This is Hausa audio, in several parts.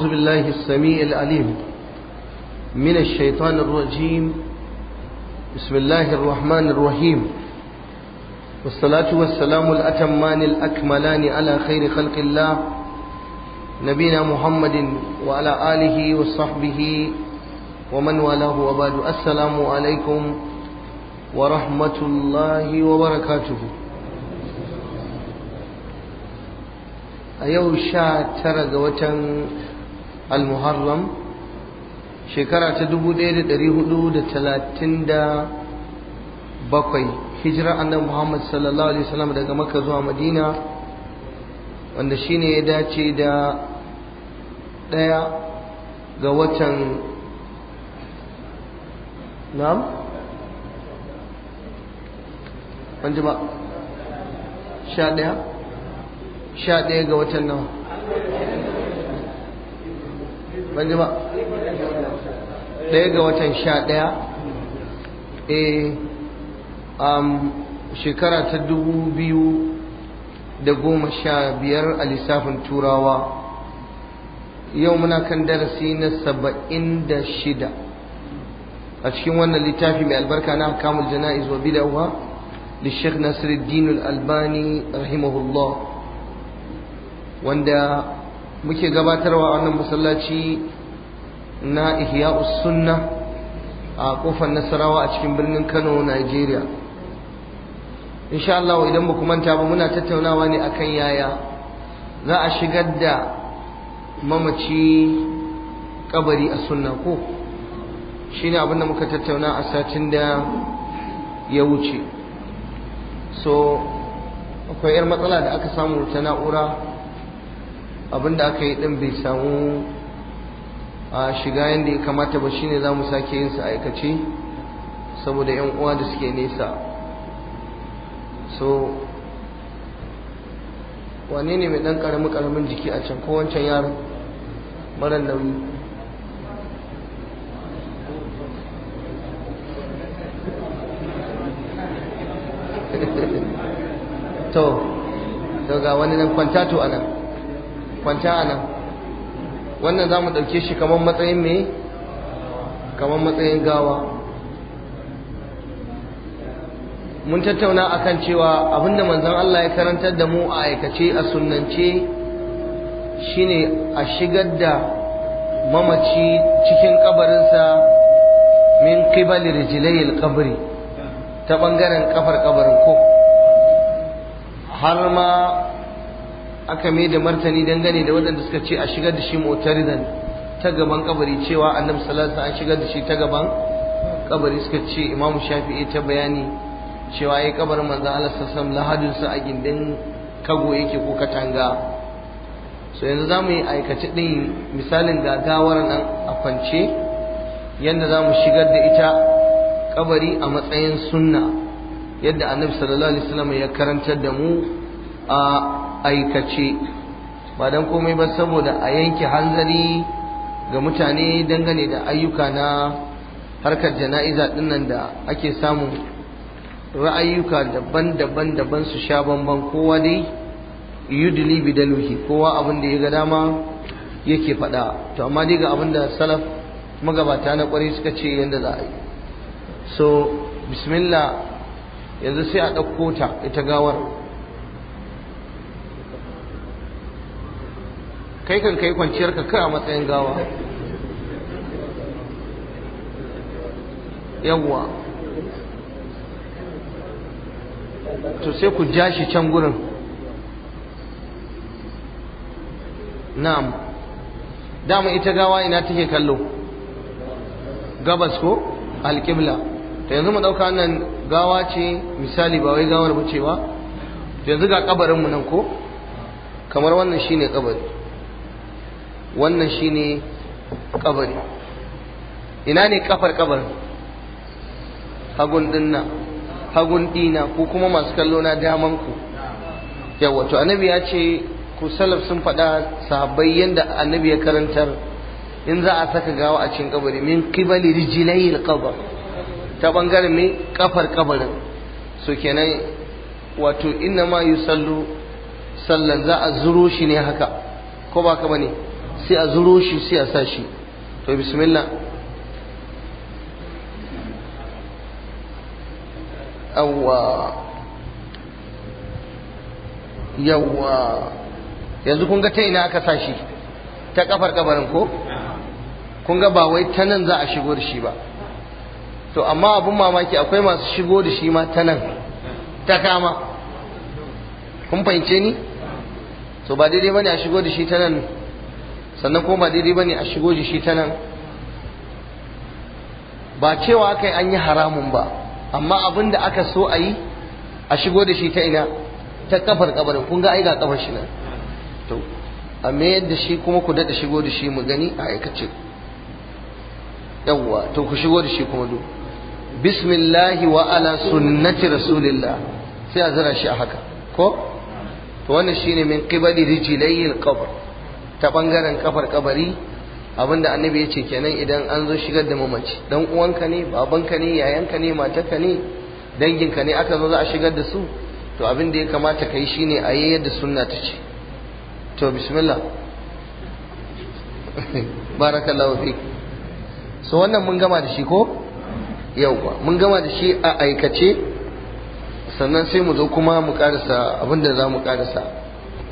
أعوذ بالله السميع العليم من الشيطان الرجيم بسم الله الرحمن الرحيم والصلاة والسلام الأتمان الأكملان على خير خلق الله نبينا محمد وعلى آله وصحبه ومن والاه وبعد السلام عليكم ورحمة الله وبركاته أيوه شاء ترى وتن al-muharram shekara ta 1437 hijira annabi Muhammad sallallahu alaihi wasallam daga Makka zuwa Madina wanda shine ya dace da daya ga watan Na'am Wanje ba sha 11 ga watan nawa ban ji ba ɗaya ga watan sha ɗaya eh, um, shekara ta dubu biyu da goma sha biyar a lissafin turawa yau muna kan darasi na saba'in da shida a cikin wannan littafi mai albarka na kamul jana'iz wa bida'uwa للشيخ ناصر الدين الألباني رحمه الله muke gabatarwa a wannan masallaci na ihya'u sunna a kofar nasarawa a cikin birnin kano nigeria insha Allah idan ba manta ba muna tattaunawa ne akan yaya za a shigar da mamaci kabari a sunna ko shine abin da muka tattauna a satin da ya wuce so akwai 'yar matsala da aka samu ta na'ura abinda aka yi din bai samu a shiga yadda ya kamata ba shine za mu sake yin sa aikace saboda yan uwa da suke nesa so wane ne mai ɗan karamin karamin jiki a can kowancan yaro mara nauyi to daga wani nan kwantato a nan kwanta a nan wannan za mu ɗauke shi kamar matsayin me kamar matsayin gawa mun tattauna akan cewa abinda manzon Allah ya karantar da mu a aikace a sunnance shine a shigar da mamaci cikin kabarinsa min qibali rijlayil qabri ta bangaren kafar kabarin ko har ma aka mai da martani dangane da waɗanda suka ce a shigar da shi da ta gaban kabari cewa annabi sallallahu alaihi wasallam shigar da shi ta gaban kabari suka ce imamu shafi'i ta bayani cewa ya kabarin manzo Allah sallallahu alaihi wasallam a gindin kago yake ko katanga so yanzu zamu yi aikace din misalin gagawar nan a kwance yanda zamu shigar da ita kabari a matsayin sunna yadda annabi sallallahu alaihi wasallam ya karantar da mu a aikace ba don komai ba saboda a yanke hanzari ga mutane dangane da ayyuka na harkar jana'iza dinnan da ake samun ra'ayuka daban-daban daban su sha bamban kowa dai yudli bidaluhi kowa abin da ya ga dama yake faɗa to amma dai ga abin da salaf magabata na kwari suka ce yadda za a yi so bismillah yanzu sai a ɗauko ta ita gawar kai kan kai kwanciyar ka kai a matsayin gawa yawwa to sai ku ja shi can gurin na'am dama ita gawa ina take kallo gabas ko alƙibla ta yanzu mu ɗauka nan gawa ce misali ba wai gawar bace ba yanzu ga kabarinmu nan ko kamar wannan shine kabari wannan shine ƙabari, ina ne ƙafar ƙabar hagun dinna hagun dina ko kuma masu kallo na damanku? ku yawa annabi ya ce ku salaf sun faɗa sahabbai yanda annabi ya karantar in za a saka gawa a cikin kabari min qibali rijilai ƙabar, ta bangaren me kafar kabarin so kenan wato inna ma yusallu sallan za a zuro shi ne haka ko ba ka bane sai a zuro shi sai a sa shi to bismillah awwa yawwa yanzu kun ga ta ina aka sa shi ta kafar kabarin ko kun ga ba wai ta nan za a shigo da shi ba to amma abun mamaki akwai masu shigo da shi ma ta nan ta kama kun fahimce ni to ba daidai bane a shigo da shi ta nan sannan ko ba daidai ne a shigo shi ta nan ba cewa aka yi an yi haramun ba amma abin da aka so a yi a shigo da shi ta ina ta kafar kabarin kun ga ai ga kafar shi nan to a mayar shi kuma ku daɗa shigo da shi mu gani a aikace yawwa to ku shigo da shi kuma duk bismillahi wa ala sunnati rasulillah sai a zira shi a haka ko to wannan shine min qibali rijlayil qabr ta bangaren kafar kabari abinda annabi ya ce kenan idan an zo shigar da mamaci dan uwanka ne babanka ne yayanka ne matarka ne danginka ne aka zo za a shigar da su to abin da ya kamata kai shine a yi yadda sunna ta ce to bismillah barakallahu fik so wannan mun gama da shi ko yauwa mun gama da shi a aikace sannan sai mu zo kuma mu karasa abinda za mu karasa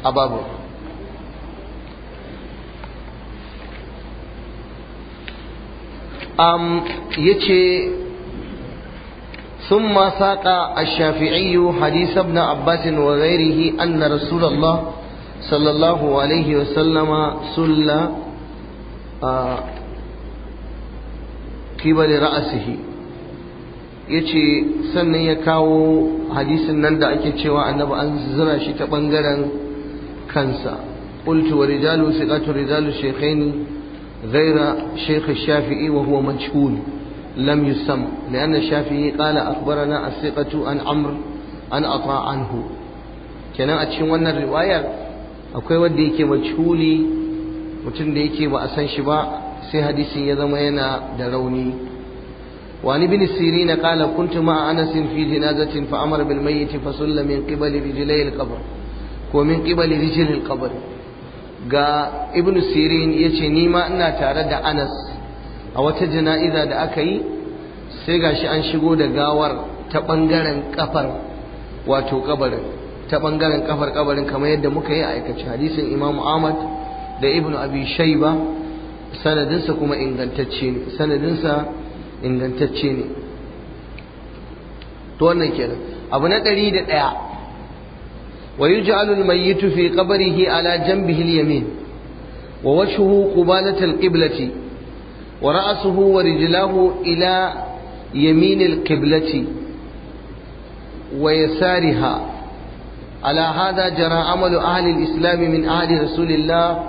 a babu um, ya ce sun saƙa a shafi'iyu hadisa ibn abbasin wa ghairihi anna rasulullah alaihi wa sallama sulla a kibali ra'asihi ya ce sannan ya kawo hadisin nan da ake cewa annabi an zura shi ta ɓangaren kansa ƙultu wa rijalu su rijalu shekaini غير شيخ الشافعي وهو مجهول لم يسم لأن الشافعي قال أخبرنا الثقة عن عمرو أن أطاع عنه كان أتشن ون الرواية أكوي وديك مجهولي mutum da yake ba a san shi ba sai hadisi ya zama yana da rauni Wani Bini bin siri na kala kuntu ma anas fi jinazatin fa amara bil mayyit fa sulla min qibali rijlai al ko min qibali rijlai al ga ibn sirin ya ce nima ina tare da anas a wata jana'iza da aka yi sai gashi an shigo da gawar ta bangaren kafar wato kabarin ta ɓangaren kafar kabarin kamar yadda muka yi a aikace hadisin Imam ahmad da ibn abi shaiba sanadinsa kuma ingantacce ne sanadinsa ingantacce ne to wannan kenan abu na ɗari da ɗaya ويجعل الميت في قبره على جنبه اليمين ووجهه قبالة القبلة ورأسه ورجلاه إلى يمين القبلة ويسارها على هذا جرى عمل أهل الإسلام من أهل رسول الله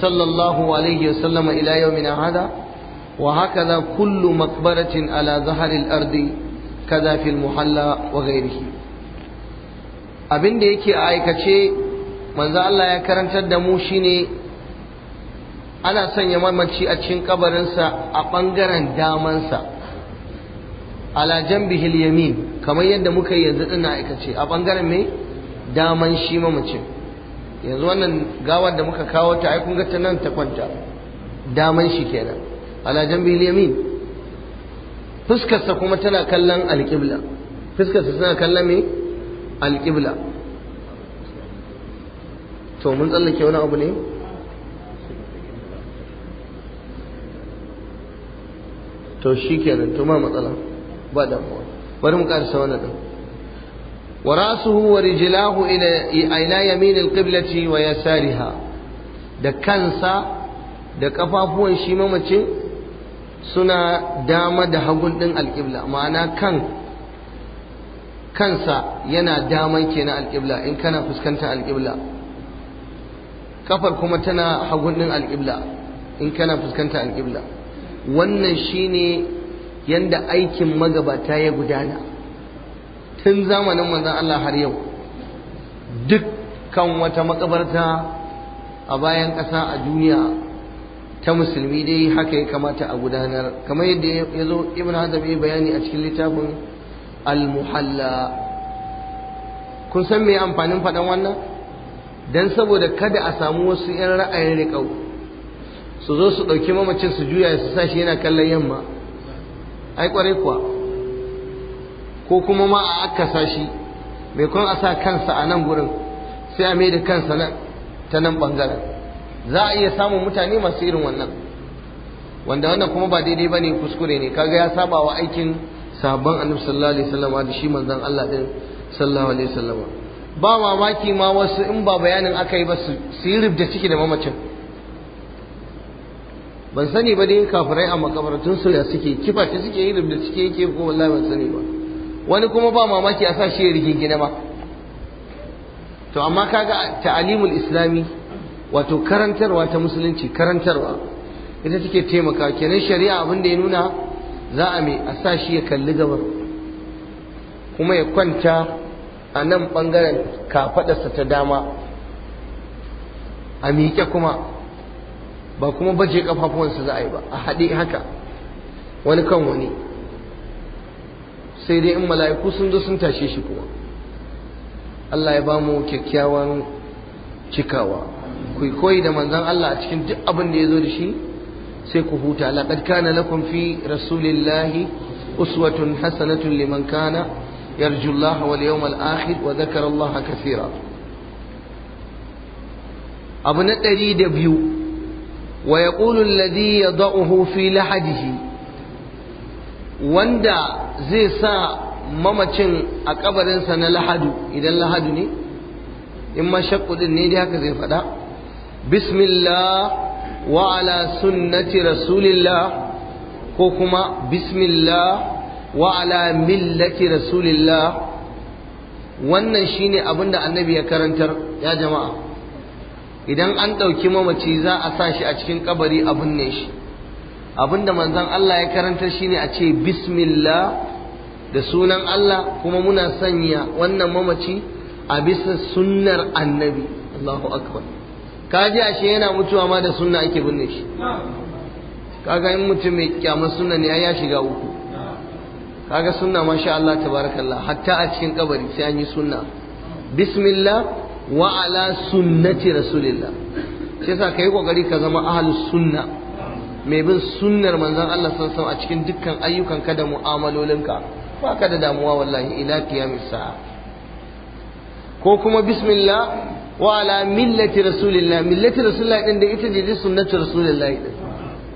صلى الله عليه وسلم إلى يومنا هذا وهكذا كل مقبرة على ظهر الأرض كذا في المحلى وغيره abin da yake a aikace manzo Allah ya karantar da mu shine ana sanya mamaci a cikin kabarinsa a ɓangaren damansa ala jambihil yamin kamar yadda muka yi yanzu ɗin aikace a ɓangaren mai daman shi mamacin yanzu wannan gawar da muka kawo ta kun ga ta nan ta kwanta daman shi kenan ala jambihil yamin fuskarsa kuma tana kallon alƙibla fuskarsa tana kallon me. alƙibla to mun tsallake wani abu ne to shi kenan to ma matsala ba damuwa bari mu karisa wani din wa rasuhu wa rijilahu ila ila yamin alqiblati wa yasariha da kansa da kafafuwan shi mamacin suna dama da hagun din alqibla ma'ana kan kansa yana daman kenan alƙibla in kana fuskantar alƙibla kafar kuma tana hagun ɗin alƙibla in kana fuskantar alƙibla wannan shine yadda aikin magabata ya gudana tun zamanin manzan Allah har yau Duk kan wata makabarta a bayan ƙasa a duniya ta musulmi dai haka ya kamata a gudanar kamar yadda ya zo ibn hazab bayani a cikin littafin almuhalla kun san me amfanin faɗan wannan dan saboda kada a samu wasu 'yan ra'ayin riƙau su zo su ɗauki mamacin su juya su sa shi yana kallon yamma ai ƙwarai kuwa ko kuma ma a aka shi mai kun a sa kansa a nan gurin sai a da kansa nan ta nan ɓangaren za a iya samun mutane masu irin wannan wanda wannan kuma ba daidai ba ne kuskure ne kaga ya saba wa aikin sabon annabi sallallahu alaihi wasallam da shi manzon Allah din sallallahu alaihi wasallam ba mamaki ma wasu in ba bayanin aka yi ba su yi rubda ciki da mamacin ban sani ba dai kafirai a makabaratun su ya suke kifa ta suke yi rubda ciki yake ko wallahi ban sani ba wani kuma ba mamaki a sa shi gina rigingine ma to amma kaga ta'alimul islami wato karantarwa ta musulunci karantarwa ita take taimaka kenan shari'a abin da ya nuna za a mai a sa shi ya kalli gaba kuma ya kwanta a nan ɓangaren kafaɗarsa ta dama a miƙe kuma ba kuma baje ƙafafuwansa za a yi ba a haɗe haka wani kan wani sai dai in mala'iku sun zo sun tashe shi kuma Allah ya ba mu kyakkyawan cikawa kuikoi da manzan Allah a cikin duk abin da ya zo da shi sai ku huta laqad kana lakum fi rasulillahi uswatun hasanatun liman kana yarju Allah wal yawmal akhir wa dhakara Allah kaseera abu na biyu wa yaqulu alladhi yad'uhu fi lahadihi wanda zai sa mamacin a kabarinsa na lahadu idan lahadu ne in ma shakku ne dai haka zai faɗa bismillah wa ala sunnati rasulillah ko kuma bismillah wa ala millati rasulillah wannan shine abin da annabi ya karantar ya jama'a idan an ɗauki mamaci za a sa shi a cikin kabari a binne shi abinda manzon Allah ya karantar shine a ce bismillah da sunan Allah kuma muna sanya wannan mamaci a bisa sunnar annabi Allahu akbar kaji ashe yana mutuwa ma da sunna ake binne shi kaga in mutum mai kyamar sunna ne ya shiga uku kaga sunna masha Allah tabarakallah hatta a cikin kabari sai an yi sunna bismillah wa ala sunnati rasulillah shi yasa kai kokari ka zama ahlus sunna mai bin sunnar manzon Allah sallallahu a cikin dukkan ayyukan ka da mu'amalolinka ba ka da damuwa wallahi ila qiyamis ko kuma bismillah Wala ala millati rasulillah millati rasulillah din da ita ce sunnatu rasulillah din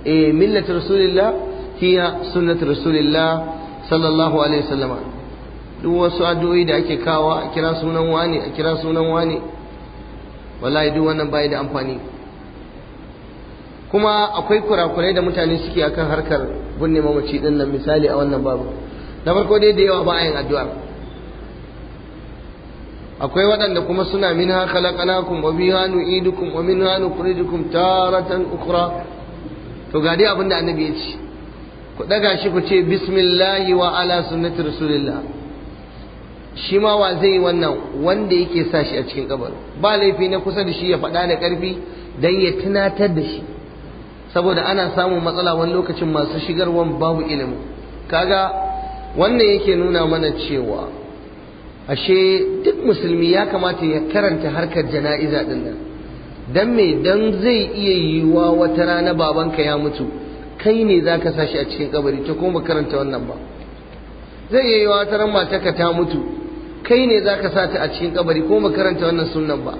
eh millati rasulillah hiya sunnatu rasulillah sallallahu alaihi wasallam duk wasu addu'o'i da ake kawo a kira sunan wani a kira sunan wani wallahi duk wannan bai da amfani kuma akwai kurakurai da mutane suke akan harkar bunne mamaci din misali a wannan babu na farko dai da yawa ba a yin addu'a akwai waɗanda kuma suna min ha khalaqnakum wa fiha nu'idukum wa minha nukhrijukum taratan ukhra to ga dai abinda annabi ya ci. ku daga shi ku ce bismillahi wa ala sunnati rasulillah shi ma wa zai wannan wanda yake sa shi a cikin kabar ba laifi na kusa da shi ya faɗa da ƙarfi dan ya tunatar da shi saboda ana samun matsala wani lokacin masu shigarwan babu ilimi kaga wannan yake nuna mana cewa ashe duk musulmi ya kamata ya karanta harkar jana'iza din nan dan me dan zai iya yiwa wata rana babanka ya mutu kai ne zaka sashi a cikin kabari to kuma karanta wannan ba zai iya yiwa wata ran matarka ta mutu kai ne zaka sa ta a cikin kabari kuma karanta wannan sunnan ba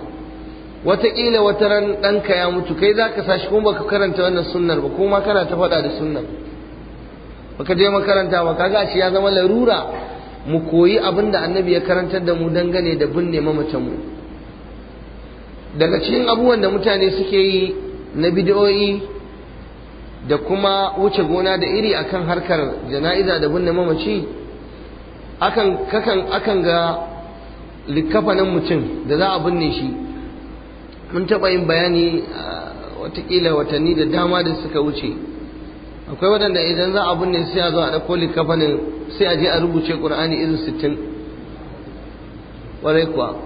wataƙila wata ran ɗanka ya mutu kai za ka sashi kuma baka karanta wannan sunnar ba kuma kana ta faɗa da sunnar baka je makaranta ba kaga shi ya zama larura mu koyi abin da annabi ya karantar da mu dangane da binne mu daga cikin abubuwan da mutane suke yi na bidiyoyi da kuma wuce gona da iri akan harkar jana'iza da binne mamaci akan kakan akan ga likafanin mutum da za a binne shi mun taɓa yin bayani ah, watakila watanni da dama da suka wuce akwai waɗanda idan za a binne sai a zo a ɗauko likafanin sai a je a rubuce ƙur'ani irin sittin ƙwarai kuwa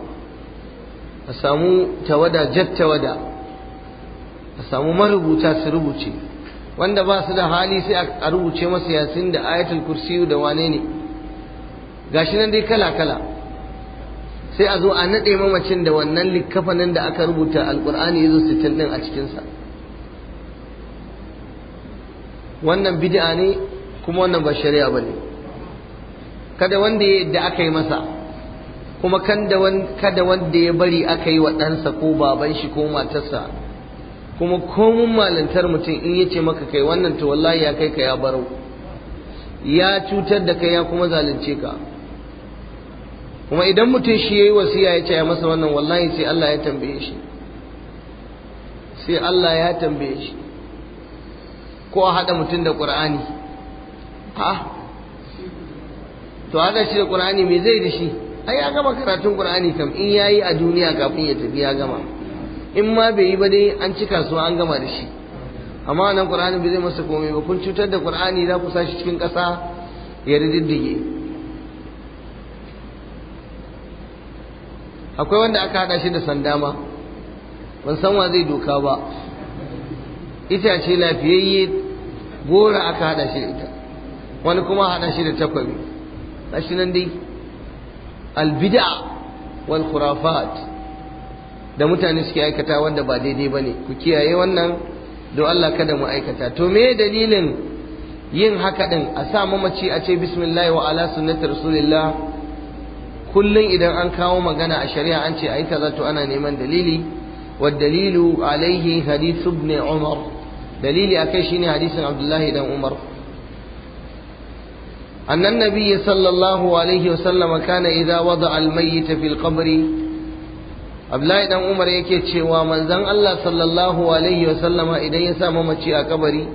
a samu tawada jattawada tawada a samu marubuta su rubuce wanda ba su da hali sai a rubuce masa yasin da ayatul kursiyu da wane ne gashi nan dai kala kala sai a zo a naɗe mamacin da wannan likafanin da aka rubuta alƙur'ani irin sittin ɗin a cikinsa wannan bid'a ne kuma wannan ba shari'a ba ne kada wanda ya yadda aka yi masa kuma kada wanda ya bari aka yi wa ɗansa ko baban shi ko matarsa kuma komun malantar mutum in ya ce maka kai wannan to wallahi ya kai ka ya barau ya cutar da kai ya kuma zalunce ka kuma idan mutum shi ya yi wasiya ya ce ya masa wannan wallahi sai Allah ya tambaye shi sai Allah ya tambaye shi ko a haɗa mutum da ƙur'ani ha to haɗa shi da ƙur'ani me zai da shi ai ya gama karatun ƙur'ani kam in yayi a duniya kafin ya tafi ya gama in ma bai yi ba dai an ci kasuwa an gama da shi amma nan ƙur'ani bai zai masa komai ba kun cutar da ƙur'ani za ku sa shi cikin ƙasa ya riddige akwai wanda aka haɗa shi da sanda ma, ban san wa zai doka ba itace lafiyayye gora aka haɗa shi da ita wani kuma haɗa shi da takwabi gashi nan dai albida wal khurafat da mutane suke aikata wanda ba daidai ba ne ku kiyaye wannan don Allah kada mu aikata to me dalilin yin haka ɗin a sa mamaci a ce bismillah wa ala sunnati rasulillah kullum idan an kawo magana a shari'a an ce a kaza zato ana neman dalili wa dalilu alaihi hadisu ibn umar dalili akai shine hadisin abdullahi dan umar أن النبي صلى الله عليه وسلم كان إذا وضع الميت في القبر Abdullahi dan Umar yake cewa manzon Allah sallallahu alaihi wa sallama idan ya sa mamaci a kabari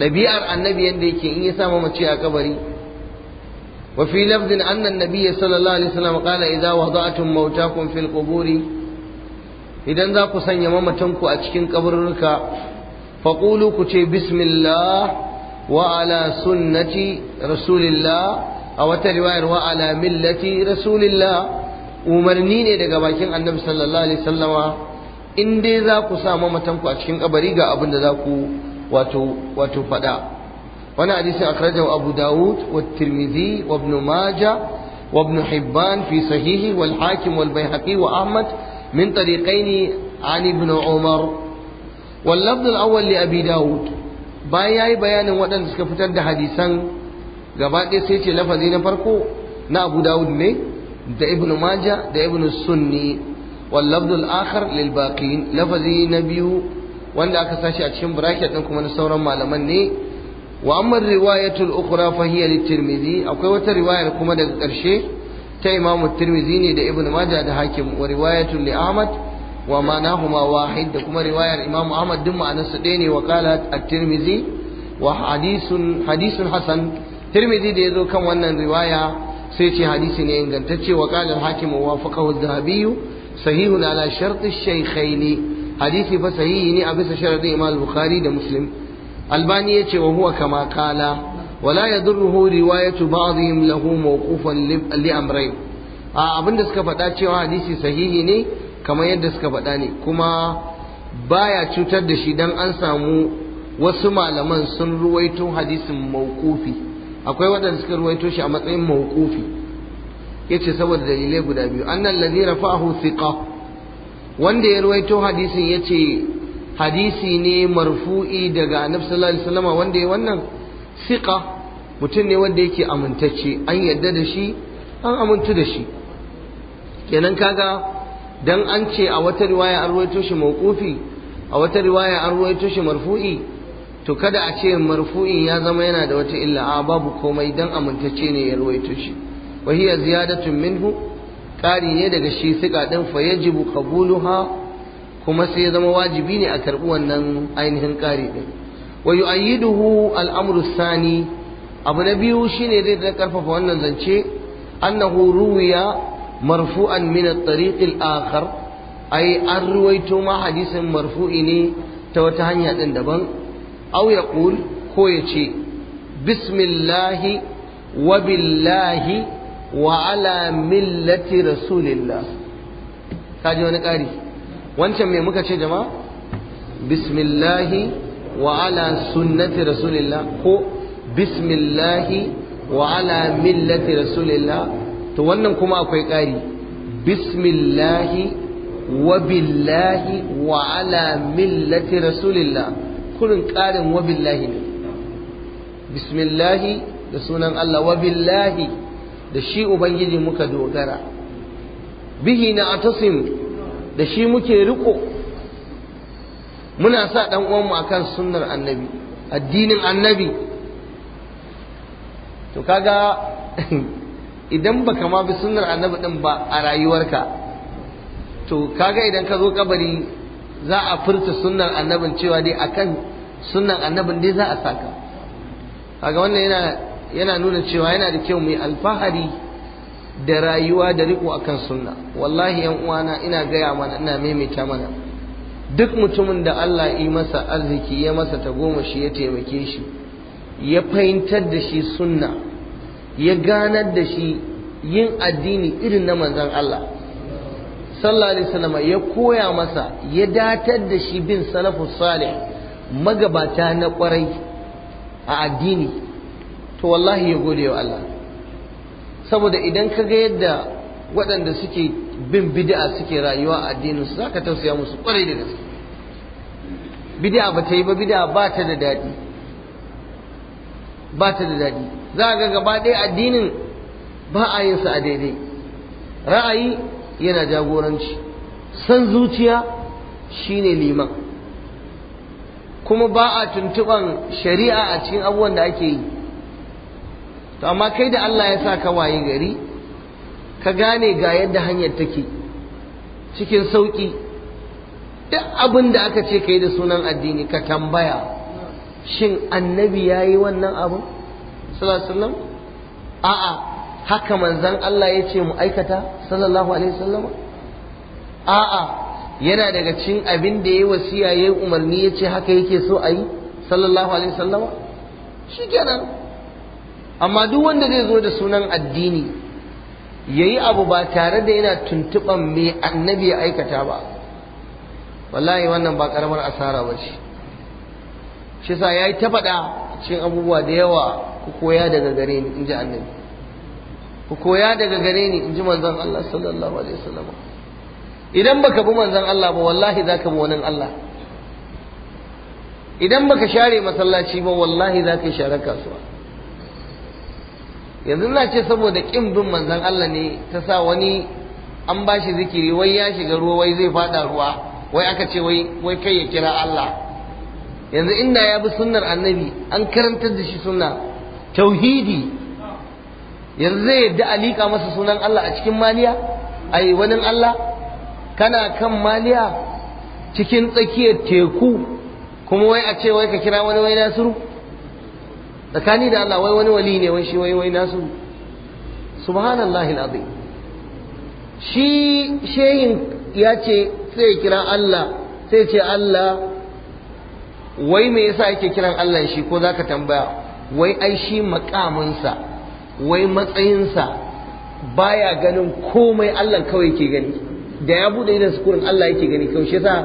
dabi'ar annabi yanda yake in ya sa mamaci a kabari wa fi lafdin anna annabi sallallahu alaihi wa sallam qala idza wada'tum mawtakum fil quburi idan za ku sanya mamatan ku a cikin kaburruka faƙulu ku ce bismillah wa sunnati rasulillah a wata riwayar wa'ala ala millati rasulillah umarni ne daga bakin annabi sallallahu alaihi sallama in dai za ku sa mamatanku a cikin kabari ga abin da za ku wato faɗa wani hadisi akrajahu abu dawud wa tirmidhi wa ibn majah wa ibn hibban fi sahihi wal hakim wal baihaqi wa ahmad min tariqaini an ibn umar واللفظ الأول لأبي داود bayan ya yi bayanin waɗanda suka fitar da hadisan gaba ɗaya sai ce lafazi na farko na abu dawud ne da ibn maja da ibn sunni wal akhar lil lafazi na biyu wanda aka sashi a cikin bracket din kuma na sauran malaman ne wa amma riwayatul ukhra fa akwai wata riwayar kuma daga ƙarshe ta imam tirmidhi ne da ibn maja da hakim wa riwayatul li ahmad wa manahuma wahid da kuma riwayar Imam Ahmad din ma'anar ɗaya ne wa qala at-Tirmidhi wa hadithun hadithun hasan Tirmidhi da kan wannan riwaya sai ce hadisi ne ingantacce wa qala al-Hakim wa wafaqahu adh-Dhahabi sahihun ala shart ash hadisi fa sahihi ne a bisa sharadin Imam Bukhari da Muslim Albani ya ce wa huwa kama qala ولا يضره رواية بعضهم له موقوفا لأمرين abin da suka faɗa cewa hadisi sahihi ne kamar yadda suka faɗa ne kuma baya cutar da shi don an samu wasu malaman sun ruwaito hadisin mauqufi akwai waɗanda suka ruwaito shi a matsayin Ya ce saboda dalilai guda biyu annan ladhi fa'ahu thiqa wanda ya ruwaito hadisin ce hadisi ne marfu'i daga annabi sallallahu wanda ya wannan siƙa. mutum ne wanda yake amintacce an yadda da shi an amintu da shi kenan kaga dan an ce a wata riwaya an ruwaito shi mawqufi a wata riwaya an ruwaito shi marfu'i to kada a ce marfu'i ya zama yana da wata illa a babu komai dan amintacce ne ya ruwaito shi wa hiya ziyadatun minhu ƙari ne daga shi "Sika" ɗin fa yajibu qabuluha kuma sai ya zama wajibi ne a karɓi wannan ainihin ƙari ɗin wa yu'ayyiduhu duhu amru sani abu na biyu shine zai da karfafa wannan zance annahu ruwiya marfu'an min at-tariq al-akhar ai an ruwaito ma hadisin marfu'i ne ta wata hanya din daban aw yaqul ko yace bismillahi wa billahi wa ala millati rasulillah kaji wani ƙari wancan me muka ce jama'a bismillahi wa ala sunnati rasulillah ko bismillahi wa ala millati rasulillah to wannan kuma akwai ƙari bismillahi wa billahi wa ala millati rasulillah kurin ƙarin wa billahi ne bismillahi da sunan Allah wa billahi da shi ubangiji muka dogara bihi na atasim da shi muke riko muna sa dan uwanmu akan sunnar annabi addinin annabi to kaga idan ba ma bi sunar annabi din ba a rayuwarka to kaga idan ka zo kabari za a furta sunar annabin cewa dai akan sunan annabin dai za a saka kaga wannan yana yana nuna cewa yana da kyau mu yi alfahari da rayuwa da riko akan sunna wallahi yan uwana ina gaya mana ina maimaita mana duk mutumin da Allah yi masa arziki ya masa tagomashi ya taimake shi ya fahimtar da shi sunna ya ganar da shi yin addini irin na manzan Allah sallallahu alaihi wasallam ya koya masa ya datar da shi bin salafu salih magabata na kwarai a addini to wallahi ya gode wa Allah saboda idan ka ga yadda waɗanda suke bin bid'a suke rayuwa a addininsu, za zaka tausaya musu kwarai da gaske bid'a ba ta yi ba bid'a ba ta da daɗi ba ta da daɗi za a ga gaba ɗaya addinin ba a yin sa a daidai ra'ayi yana jagoranci san zuciya shine liman kuma ba a tuntuɓan shari'a a cikin abubuwan da ake yi to amma kai da Allah ya sa ka waye gari ka gane ga yadda hanyar take cikin sauƙi duk abin da aka ce ka yi da sunan addini ka tambaya shin annabi ya yi wannan abu sallallahu a'a haka manzan Allah ya ce mu aikata sallallahu alaihi wasallam a'a yana daga cin abin da ya yi wasiya ya yi umarni ya ce haka yake so a yi sallallahu alaihi wasallam shi kenan amma duk wanda zai zo da sunan addini ya yi abu ba tare da yana tuntuɓan mai annabi ya aikata ba wallahi wannan ba ƙaramar asara ba ce shi ya yi ta faɗa cikin abubuwa da yawa ku koya daga gare ni in ji annabi ku koya daga gare ni in ji manzon Allah sallallahu alaihi wasallam idan baka bi manzon Allah ba wallahi zaka bi wani Allah idan baka share masallaci ba wallahi zaka share kasuwa yanzu na ce saboda kin bin manzon Allah ne ta sa wani an bashi zikiri wai ya shiga ruwa wai zai fada ruwa wai aka ce wai kai ya kira Allah yanzu inda ya bi sunnar annabi an karantar da shi sunna tauhidi yanzu zai yadda a masa sunan Allah a cikin maliya a yi wani Allah kana kan maliya cikin tsakiyar teku kuma wai a ce wai ka kira wani wai nasiru tsakani da Allah wai wani wali ne wai shi wai wai nasiru subhanallahi alazim shi shehin ya ce sai kira Allah sai ce Allah wai me yasa ake kiran Allah shi ko zaka tambaya wai ai shi makaminsa wai matsayinsa baya ganin komai Allah kawai yake gani da ya bude idan sukurin Allah yake gani kawai shi yasa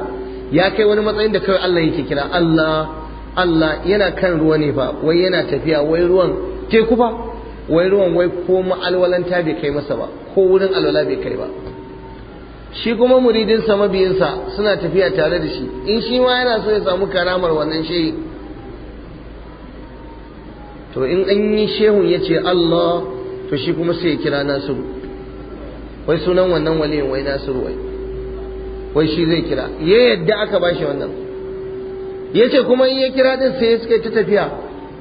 ya kai wani matsayin da kawai Allah yake kira Allah Allah yana kan ruwa ne fa wai yana tafiya wai ruwan teku ba wai ruwan wai ko ma'alwalanta bai kai masa ba ko wurin alwala bai kai ba shi kuma muridinsa mabiyinsa suna tafiya tare da shi in shi ma yana so ya samu karamar wannan shehi to in an yi shehun ya ce Allah to shi kuma sai ya kira Nasiru wai sunan wannan waliyin wai Nasiru wai wai shi zai kira ya yadda aka ba shi wannan ya ce kuma in ya kira din sai ya suka ta tafiya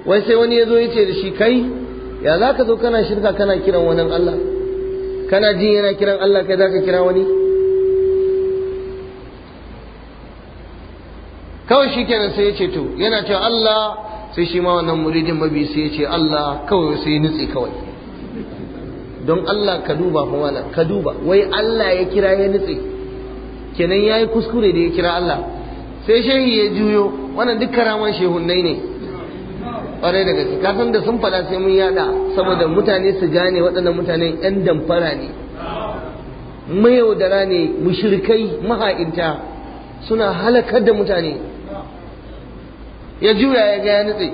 wai sai wani ya zo ya ce da shi kai ya za ka zo kana shirka kana kiran wani Allah kana jin yana kiran Allah kai za ka kira wani kawai shi kenan sai ya ce to yana cewa Allah sai shi ma wannan muridin mabi sai ya ce Allah kawai sai nutse kawai don Allah ka duba fa nan ka duba wai Allah ya kira ya nutse kenan yayi kuskure da ya kira Allah sai shehi ya juyo wannan duk karaman shehunnai ne kwarai daga gaske kafin da sun faɗa sai mun yada saboda mutane su gane waɗannan mutane yan damfara ne mayaudara ne mushrikai maha'inta suna halakar da mutane ya juya ya ga ya nutse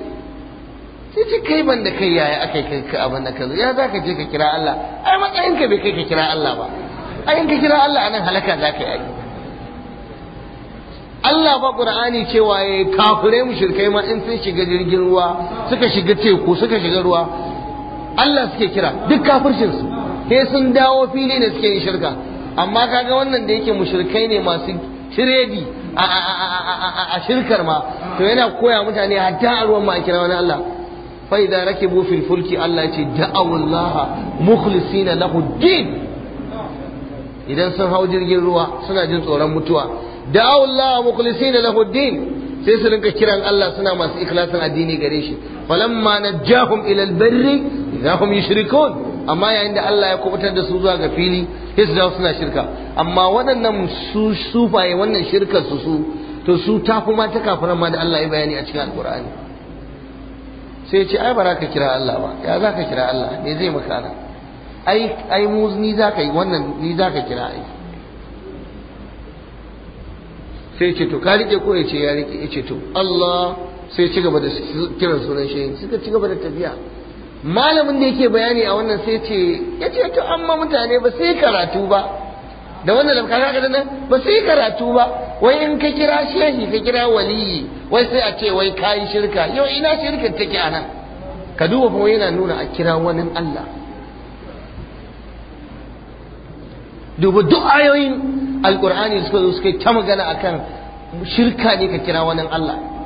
sai ce kai ban da kai yaya aka kai ka abin da kazo ya za ka je ka kira Allah ai matsayin ka bai kai ka kira Allah ba ai ka kira Allah a nan halaka za ka yi Allah ba Qur'ani cewa ya mu mushrikai ma in sun shiga jirgin ruwa suka shiga teku suka shiga ruwa Allah suke kira duk kafircin su sai sun dawo fili ne suke yin shirka amma kaga wannan da yake mushrikai ne masu tiredi a shirkar ma to yana koya mutane hatta a ruwan ma wani Allah fai da rake fulki Allah ce da'awu Allah lahu din idan sun hau jirgin ruwa suna jin tsoron mutuwa da'awu Allah mukhlisina lahu din sai su rinka kiran Allah suna masu ikhlasin addini gare shi falamma najjahum jahum ilal barri yi yushrikun amma yayin da Allah ya kubutar da su zuwa ga fili sai su suna shirka amma waɗannan su sufaye wannan shirkar su su to su ta kuma ta kafin ma da Allah ya bayani a cikin alkur'ani sai ce ai bara ka kira Allah ba ya za ka kira Allah ne zai maka ana ai ai mu ni za ka yi wannan ni za ka kira ai sai ce to ka rike ko ya ce ya rike ya ce to Allah sai ci gaba da kiran sunan shi suka ci gaba da tafiya malamin da yake bayani a wannan sai ce ya ce to amma mutane ba su karatu ba da wannan da kaga ga nan ba su yi karatu ba wai in ka kira shehi ka kira waliyi wai sai a ce wai kayi shirka yau ina shirkin take anan ka duba fa yana nuna a kira wani Allah duba duk ayoyin alkur'ani suka zo suka ta magana akan shirka ne ka kira wani Allah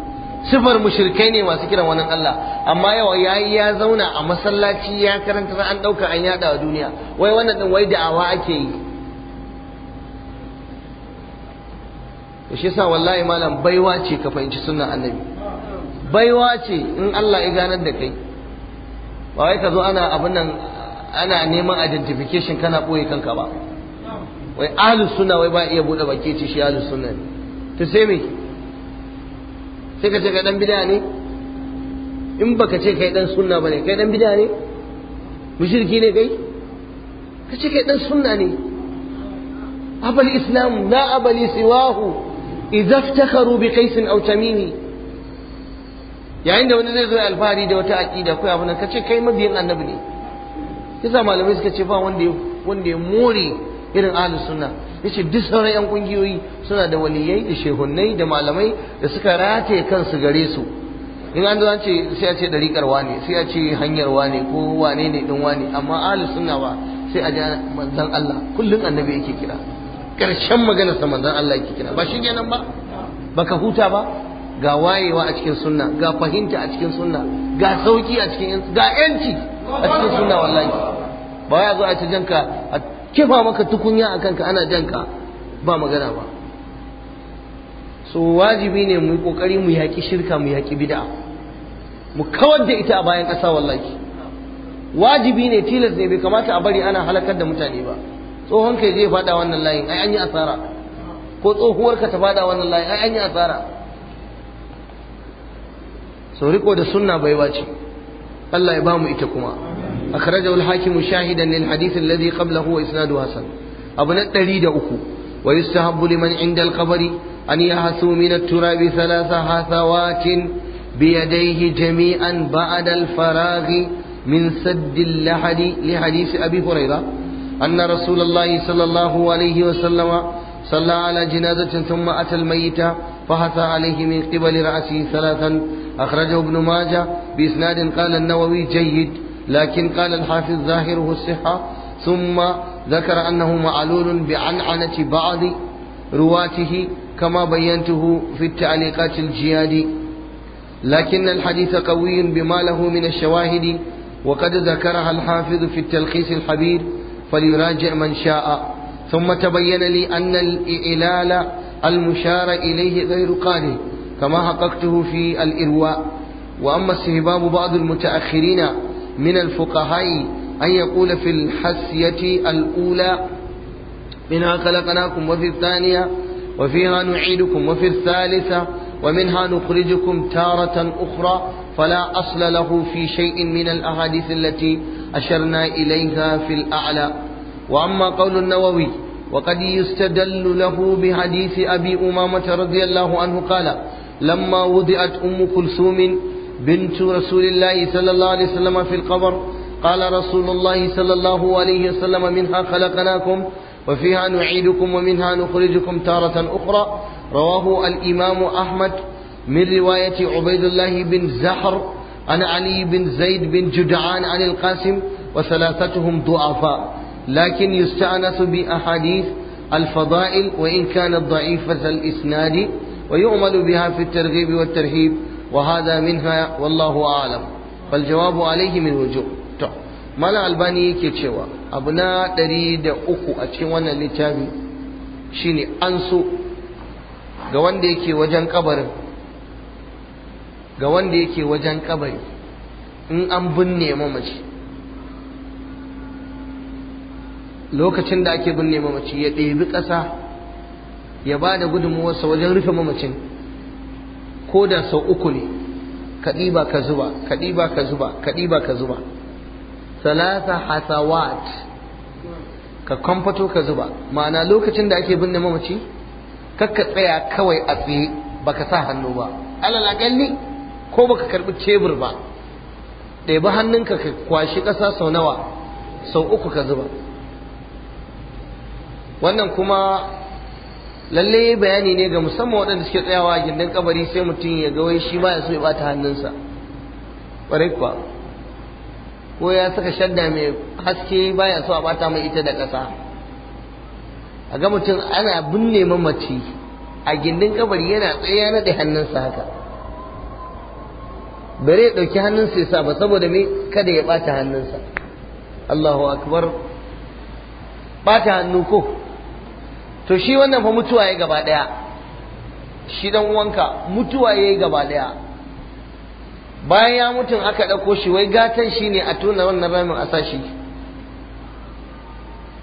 sifar mushrikai ne masu kiran wannan Allah amma yawa yayi ya zauna a masallaci ya karanta an dauka an yada wa duniya wai wannan din wai da'awa ake yi shi yasa wallahi malam baiwa ce ka fahimci sunnan annabi baiwa ce in Allah ya ganar da kai ba wai ka zo ana abin nan ana neman identification kana boye kanka ba wai ahlus sunna wai ba iya bude baki ce shi ahlus sunna to sai me sai ka ce kai dan bid'a ne in baka ce kai dan sunna bane kai dan bid'a ne mushriki ne kai ka ce kai dan sunna ne abal islam la abali siwahu idza iftakharu bi qais aw tamimi yayin da wani zai zo alfahari da wata aqida ko abin ka ce kai mabiyin annabi ne yasa malamai suka ce ba wanda ya wanda ya more irin ahlus sunna yace duk sauran yan kungiyoyi suna da waliyai da shehunnai da malamai da suka rataye kansu gare su in an zo an ce sai a ce dariƙar wane sai a ce hanyar wane ko wane ne din wane amma ahlus sunna ba sai a ji manzon Allah kullun annabi yake kira karshen magana sa manzon Allah yake kira ba shi kenan ba baka huta ba ga wayewa a cikin sunna ga fahimta a cikin sunna ga sauki a cikin ga yanci a cikin sunna wallahi ba ya zo a ce janka kifa maka tukunya a kanka ana janka ba magana ba so wajibi ne mu yi kokari mu yaƙi shirka mu yaƙi bid'a mu kawar da ita a bayan ƙasa wallahi wajibi ne tilas ne bai kamata a bari ana halakar da mutane ba tsohon kai zai fada wannan layin ai an yi asara ko tsohuwar ka ta fada wannan layin ai an yi asara so riko da sunna bai wace Allah ya ba mu ita kuma akhrajahu al-hakim shahidan lil hadith alladhi qablahu wa isnadu hasan abu na 103 wa yustahabbu liman inda al-qabri an yahsu min at-turab thalatha hathawatin بيديه جميعا بعد الفراغ من سد اللحد لحديث أبي هريرة أن رسول الله صلى الله عليه وسلم صلى على جنازة ثم أتى الميت فحث عليه من قبل رأسه ثلاثا أخرجه ابن ماجه بإسناد قال النووي جيد لكن قال الحافظ ظاهره الصحة ثم ذكر أنه معلول بعنعنة بعض رواته كما بينته في التعليقات الجياد لكن الحديث قوي بما له من الشواهد وقد ذكرها الحافظ في التلخيص الحبير فليراجع من شاء ثم تبين لي أن الإعلال المشار إليه غير قادر كما حققته في الإرواء وأما استهباب بعض المتأخرين من الفقهاء أن يقول في الحسية الأولى منها خلقناكم وفي الثانية وفيها نعيدكم وفي الثالثة ومنها نخرجكم تارة أخرى فلا أصل له في شيء من الأحاديث التي أشرنا إليها في الأعلى وأما قول النووي وقد يستدل له بحديث أبي أمامة رضي الله عنه قال لما وضعت أم كلثوم بنت رسول الله صلى الله عليه وسلم في القبر قال رسول الله صلى الله عليه وسلم منها خلقناكم وفيها نعيدكم ومنها نخرجكم تارة أخرى رواه الإمام أحمد من رواية عبيد الله بن زحر عن علي بن زيد بن جدعان عن القاسم وثلاثتهم ضعفاء لكن يستأنس بأحاديث الفضائل وإن كانت ضعيفة الإسناد ويؤمل بها في الترغيب والترهيب Wahazamin منها wallahu alam baljawabu عليه من وجوه mala albani yake cewa abu na ɗari da uku a cikin wannan littafi shine an so ga wanda yake wajen wajen kabari in an binne mamaci lokacin da ake binne mamaci ya ɗebi ƙasa ya ba da gudunmuwarsa wajen rufe mamacin ko da sau uku ne ka ɗiba ka zuba ka ɗiba ka zuba ka ɗiba ka zuba salasa hasawat ka kwamfato ka zuba ma'ana lokacin da ake binne mamaci kakka tsaya kawai a tsaye baka sa hannu ba alala akalli ko baka karɓi cebur ba ɗebi hannunka ka kwashi ƙasa sau nawa sau uku ka zuba wannan kuma lalle bayani ne ga musamman waɗanda suke tsayawa a gindin kabari sai mutum ya ga wai shi ba ya so ya bata hannunsa ƙwarai kuwa ko ya saka shadda mai haske ba ya so a bata mai ita da ƙasa a ga mutum ana binne mamaci a gindin kabari yana tsaye na da hannunsa haka bare ya ɗauki hannunsa ya sa ba saboda me kada ya bata hannunsa Allahu akbar bata hannu ko to shi wannan fa mutuwa ya gaba daya shi dan uwanka mutuwa ya yi gaba daya bayan ya mutun aka ɗauko shi wai gatan shi ne a tona wannan ramin a sashi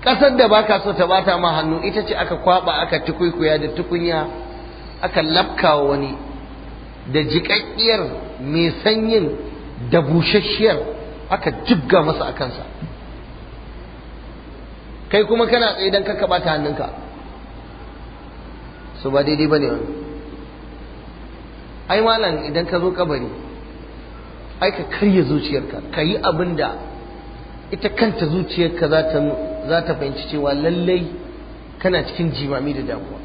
ƙasar da baka so ta bata ma hannu ita ce aka kwaba aka tukuikuya da tukunya aka lafkawa wani da jiƙaƙƙiyar mai sanyin da busasshiyar aka jigga masa a kansa kai kuma kana tsaye don kakka bata hannunka su ba daidai ne wani hmm. ai malam idan ka zo kabari ai ka karya zuciyarka ka yi abin da ita kanta zuciyarka za ta fahimci cewa lallai kana cikin jimami da damuwa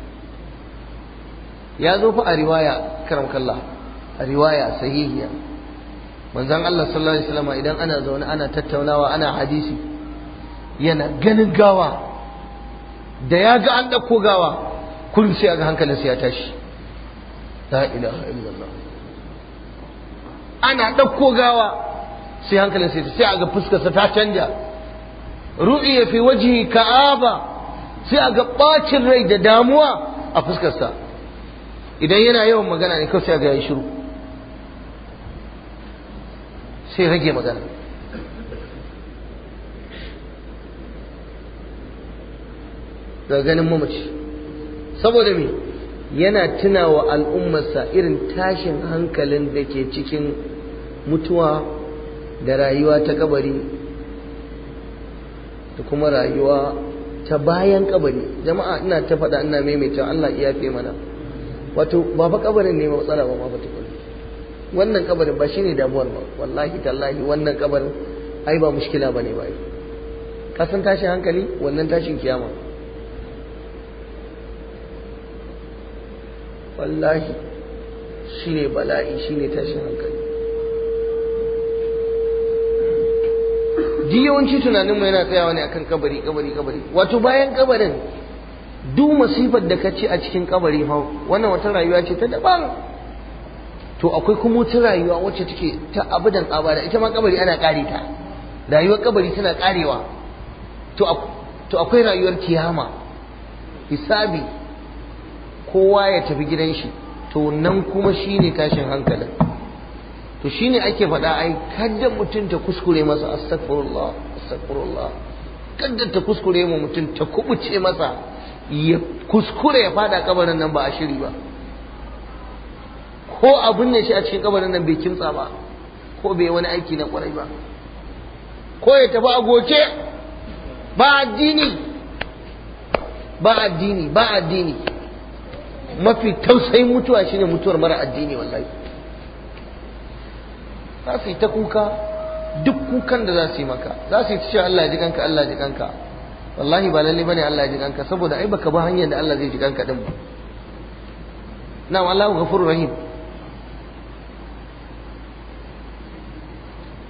ya zo fa a riwaya karam kallah a riwaya sahihiya manzan Allah sallallahu alaihi wasallam idan ana zaune ana tattaunawa ana hadisi yana ganin gawa da ya ga an ɗauko gawa kullum sai a ga hankalinsa ya tashi la ilaha illallah ana ɗauko gawa sai hankalinsa ya sai a ga fuskarsa ta canja ru'iya fi wajihi ka'aba sai a ga ɓacin rai da damuwa a fuskarsa idan yana yawan magana ne kawai sai a ga ya shiru sai rage magana daga ganin mamaci saboda me yana tunawa al'ummarsa irin tashin hankalin da ke cikin mutuwa da rayuwa ta kabari da kuma rayuwa ta bayan kabari jama'a ina ta faɗa ina maimaita Allah iya fi mana wato ba fa kabarin ne matsala ba ma fa wannan kabarin ba shine damuwar ba wallahi tallahi wannan kabarin ai ba mushkila bane ba ka san tashin hankali wannan tashin kiyama wallahi shine bala'i shine tashin hankali duk yawanci tunaninmu yana tsayawa ne akan kabari kabari kabari wato bayan kabarin duk masifar da ka ci a cikin kabari hau wannan wata rayuwa ce ta daban to akwai kuma wata rayuwa wacce take ta abudan abada ita ma kabari ana kare ta rayuwar kabari tana karewa to akwai rayuwar kiyama hisabi kowa ya tafi gidan shi to nan kuma shi ne tashin hankali, to shi shine ake faɗa ai kada mutum ta kuskure masa astagfirullah astagfirullah kada ta kuskure mu mutum ta kubuce masa ya kuskure ya faɗa kabarin nan ba a shiri ba ko abin ne shi a cikin kabarin nan bai kimtsa ba ko bai wani aiki na kwarai ba ko ya tafi a goce ba addini ba addini ba addini mafi tausayin mutuwa shine mutuwar mara addini wallahi za su yi ta kuka duk kukan da za su yi maka za su yi ta cewa Allah ya ji kanka Allah ya ji kanka wallahi ba lalle bane Allah ya ji kanka saboda ai baka bi hanyar da Allah zai ji kanka din ba na'am Allahu ghafurur rahim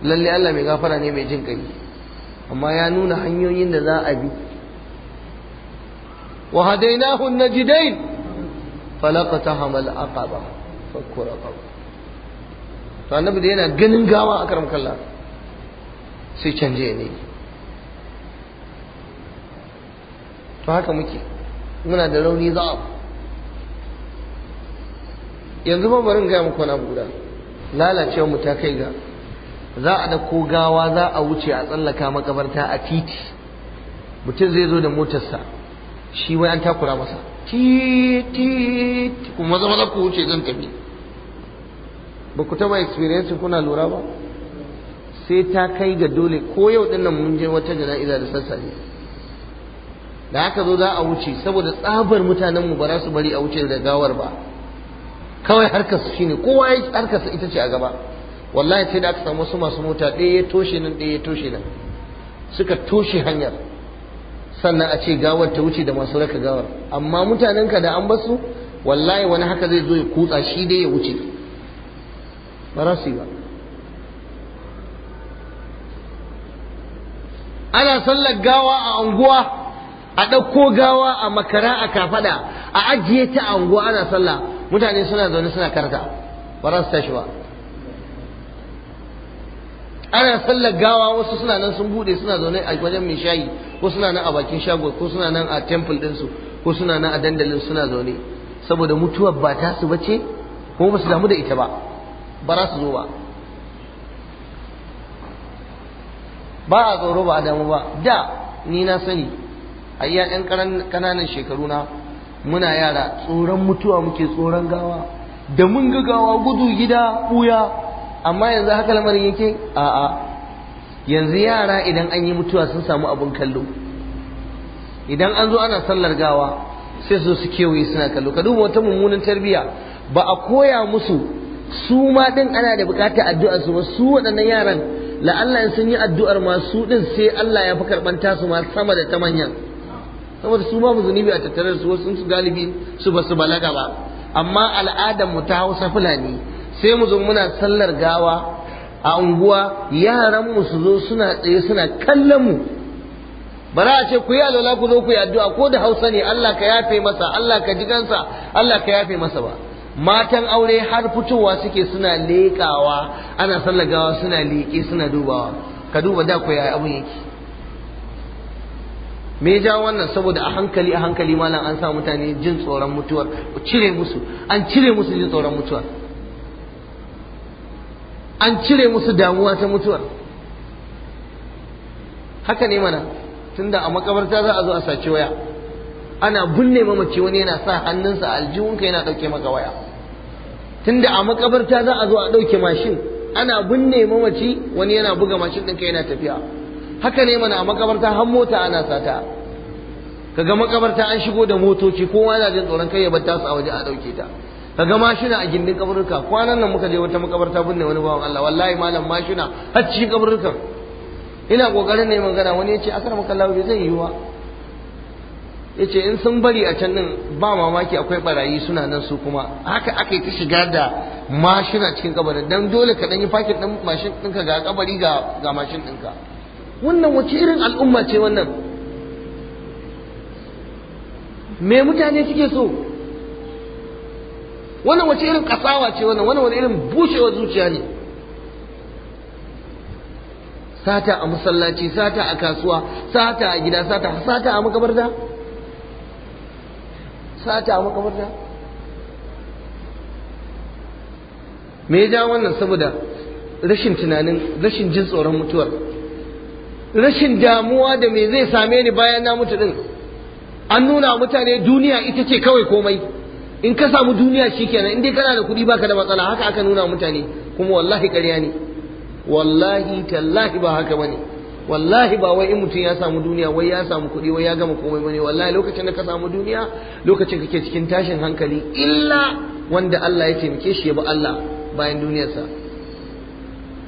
lalle Allah mai gafara ne mai jin kai amma ya nuna hanyoyin da za a bi wa hadainahu najidain falaqtahama al-aqaba fakku raqaba to annabi da yana ganin gawa a karam kallah sai canje ne to haka muke muna da rauni za yanzu ba barin gaya muku na guda lalacewa mu ta kai ga za a da ko gawa za a wuce a tsallaka makabarta a titi mutum zai zo da motarsa shi wai an takura masa ti kuma zama maza ku wuce zan tafi ba ku taba experience kuna lura ba sai ta kai ga dole ko yau din nan mun je wata jana'iza da sassafe da haka zo za a wuce saboda tsabar mutanen mu ba za su bari a wuce da gawar ba kawai harkar su shine kowa ya harkar su ita ce a gaba wallahi sai da aka samu wasu masu mota ɗaya ya toshe nan ɗaya ya toshe nan suka toshe hanyar sannan a ce gawar ta wuce da masu raka gawar amma mutanenka da an basu wallahi wani haka zai zo ya kutsa shi dai ya wuce ba za su yi ba ana sallar gawa a anguwa a ɗauko gawa a makara a kafada a ajiye ta a anguwa ana sallah mutane suna zaune suna karta ba za su tashi ba ana sallar gawa wasu suna nan sun bude suna zaune a wajen mai shayi ko suna nan a bakin shago ko suna nan a temple ɗinsu ko suna nan a dandalin suna zaune saboda mutuwar ba ta su bace ko ba su damu da ita ba ba za su zo ba ba a tsoro ba a damu ba da ni na sani a iya ɗan ƙananan shekaru na muna yara tsoron mutuwa muke tsoron gawa da mun ga gawa gudu gida ɓuya amma yanzu haka lamarin yake a'a yanzu yara idan an yi mutuwa sun samu abin kallo idan an zo ana sallar gawa sai su su kewaye suna kallo ka duba wata mummunan tarbiyya ba a koya musu su ma din ana da buƙatar addu'ar su su waɗannan yaran la'alla in sun yi addu'ar ma su din sai Allah ya fi karɓan tasu ma sama da ta manyan saboda su mu zunubi a tattare su wasu su galibi su ba su balaga ba amma al'adar mu ta Hausa Fulani sai mu zo muna sallar gawa a unguwa yaran mu su zo suna tsaye suna kallon mu ba za a ce ku yi alwala ku zo ku yi addu'a ko da Hausa ne Allah ka yafe masa Allah ka ji kansa Allah ka yafe masa ba matan aure har fitowa suke suna leƙawa ana sallar gawa suna leƙe suna dubawa ka duba da ku yayi abun yake me ja wannan saboda a hankali a hankali malam an sa mutane jin tsoron mutuwar cire musu an cire musu jin tsoron mutuwar an cire musu damuwa ta mutuwar haka ne mana tunda a makabarta za a zo a saci waya ana binne mamaci wani yana sa hannunsa a aljihunka yana ɗauke maka waya tunda a makabarta za a zo a ɗauke mashin ana binne mamaci wani yana buga mashin ɗinka yana tafiya haka ne mana a makabarta har mota ana sata kaga makabarta an shigo da motoci kowa yana jin tsoron kai ya bar tasu a waje a ɗauke ta kaga mashina a gindin kaburuka kwanan nan muka je wata makabarta binne wani bawan Allah wallahi malam mashina har cikin kaburuka ina kokarin ne magana wani yace akar makallahu bai zai yiwa yace in sun bari a can nan ba mamaki akwai barayi suna nan su kuma haka aka yi ta shiga da mashina cikin kabari dan dole ka dan yi fakin din mashin ɗinka ga kabari ga ga mashin ɗinka wannan wace irin al'umma ce wannan me mutane suke so wannan wace irin kasawa ce wannan wannan wani irin bushewar zuciya ne sata a masallaci sata a kasuwa sata a gida sata sata a makabarta sata a makabarta me ya ja wannan saboda rashin tunanin rashin jin tsoron mutuwar rashin damuwa da me zai same ni bayan na mutu din an nuna mutane duniya ita ce kawai komai in ka samu duniya shikenan in dai kana da kuɗi baka da matsala haka aka nuna mutane kuma wallahi ƙarya ne wallahi tallahi ba haka bane wallahi ba wai in mutum ya samu duniya wai ya samu kuɗi wai ya gama komai bane wallahi lokacin da ka samu duniya lokacin kake cikin tashin hankali illa wanda Allah ya taimake shi ya bi Allah bayan duniyarsa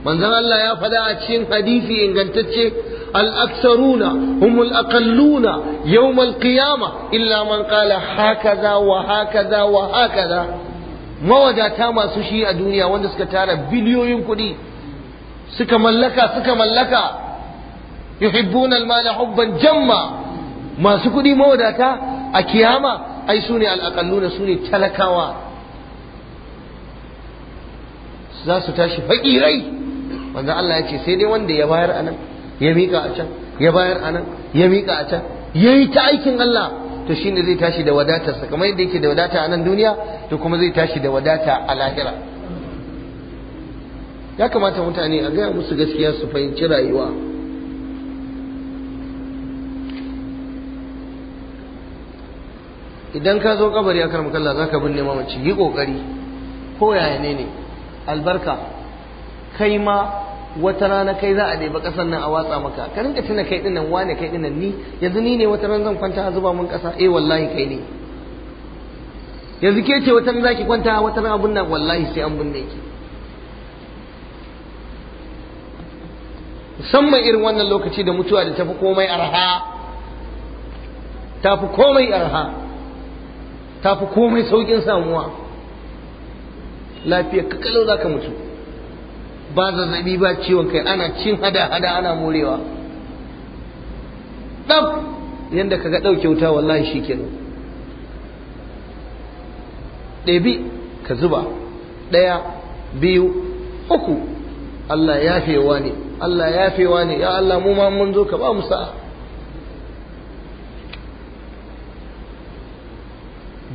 manzon Allah ya fada a cikin hadisi ingantacce الأكثرون هم الأقلون يوم القيامة إلا من قال هكذا وهكذا وهكذا mawadata masu shi a duniya wanda suka tara biliyoyin kuɗi suka mallaka suka mallaka yuhibbuna almala hubban jamma masu kuɗi mawadata a kiyama ai su ne al'aqalluna talakawa za su tashi faƙirai wanda Allah ya ce sai dai wanda ya bayar anan ya miƙa a can ya bayar a nan ya miƙa a can ya yi ta aikin Allah to shi ne zai tashi da wadatarsa kamar yadda yake da wadata a nan duniya to kuma zai tashi da wadata a lahira ya kamata mutane a gaya musu gaskiya su fahimci rayuwa idan ka zo kabari a karmakalla za ka binne mamaci yi kokari ko yaya ne albarka kai ma wata rana kai za a ɗeba ƙasar nan a watsa maka ka rinka tuna kai ɗin wane kai ɗin ni yanzu ni ne wata rana zan kwanta a zuba mun ƙasa eh wallahi kai ne yanzu ke ce wata ran zaki kwanta wata rana abun wallahi sai an binne ki musamman irin wannan lokaci da mutuwa da tafi komai arha tafi komai arha tafi komai saukin samuwa lafiya kakalau za ka mutu ba zazzabi ba ciwon kai ana cin hada-hada ana morewa ɗab yadda kaga ɗauke wuta wallahi shi kenan ɗabi ka zuba ɗaya biyu uku Allah ya fewa ne Allah ya fewa ne ya Allah mu ma mun zo ka ba mu sa'a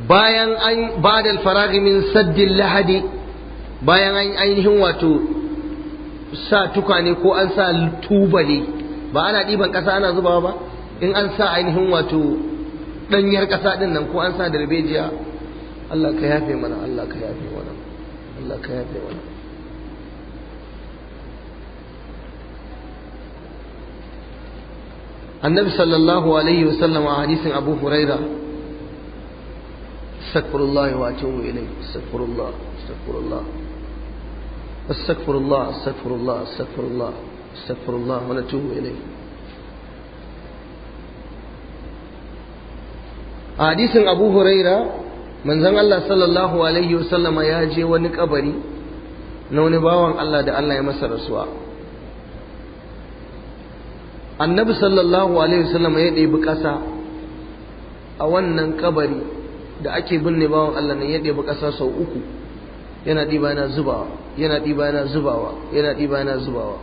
bayan an ba da faraghi min saddin lahadi bayan an ainihin wato sa tukwane ko an sa tubale ba ana ɗiban ƙasa ana zubawa ba in an sa ainihin wato ɗanyar ƙasa ɗin nan ko an sa darbejiya Allah ka yafe mana Allah ka yafe mana Allah ka yafe mana annabi sallallahu alaihi wasallam a hadisin abu huraira استغفر الله واتوب اليه استغفر الله استغفر الله استغفر الله استغفر الله استغفر الله استغفر الله ونتوب اليه a hadisin abu huraira manzon Allah sallallahu alaihi عليه ya je wani وني na wani bawan Allah da Allah ya masa rasuwa annabi sallallahu alaihi wasallama ya ɗebi ƙasa a wannan kabari da ake binne bawan Allah ne ya ɗebi ƙasa sau uku yana ɗiba yana zubawa yana ɗiba yana zubawa yana ɗiba yana zubawa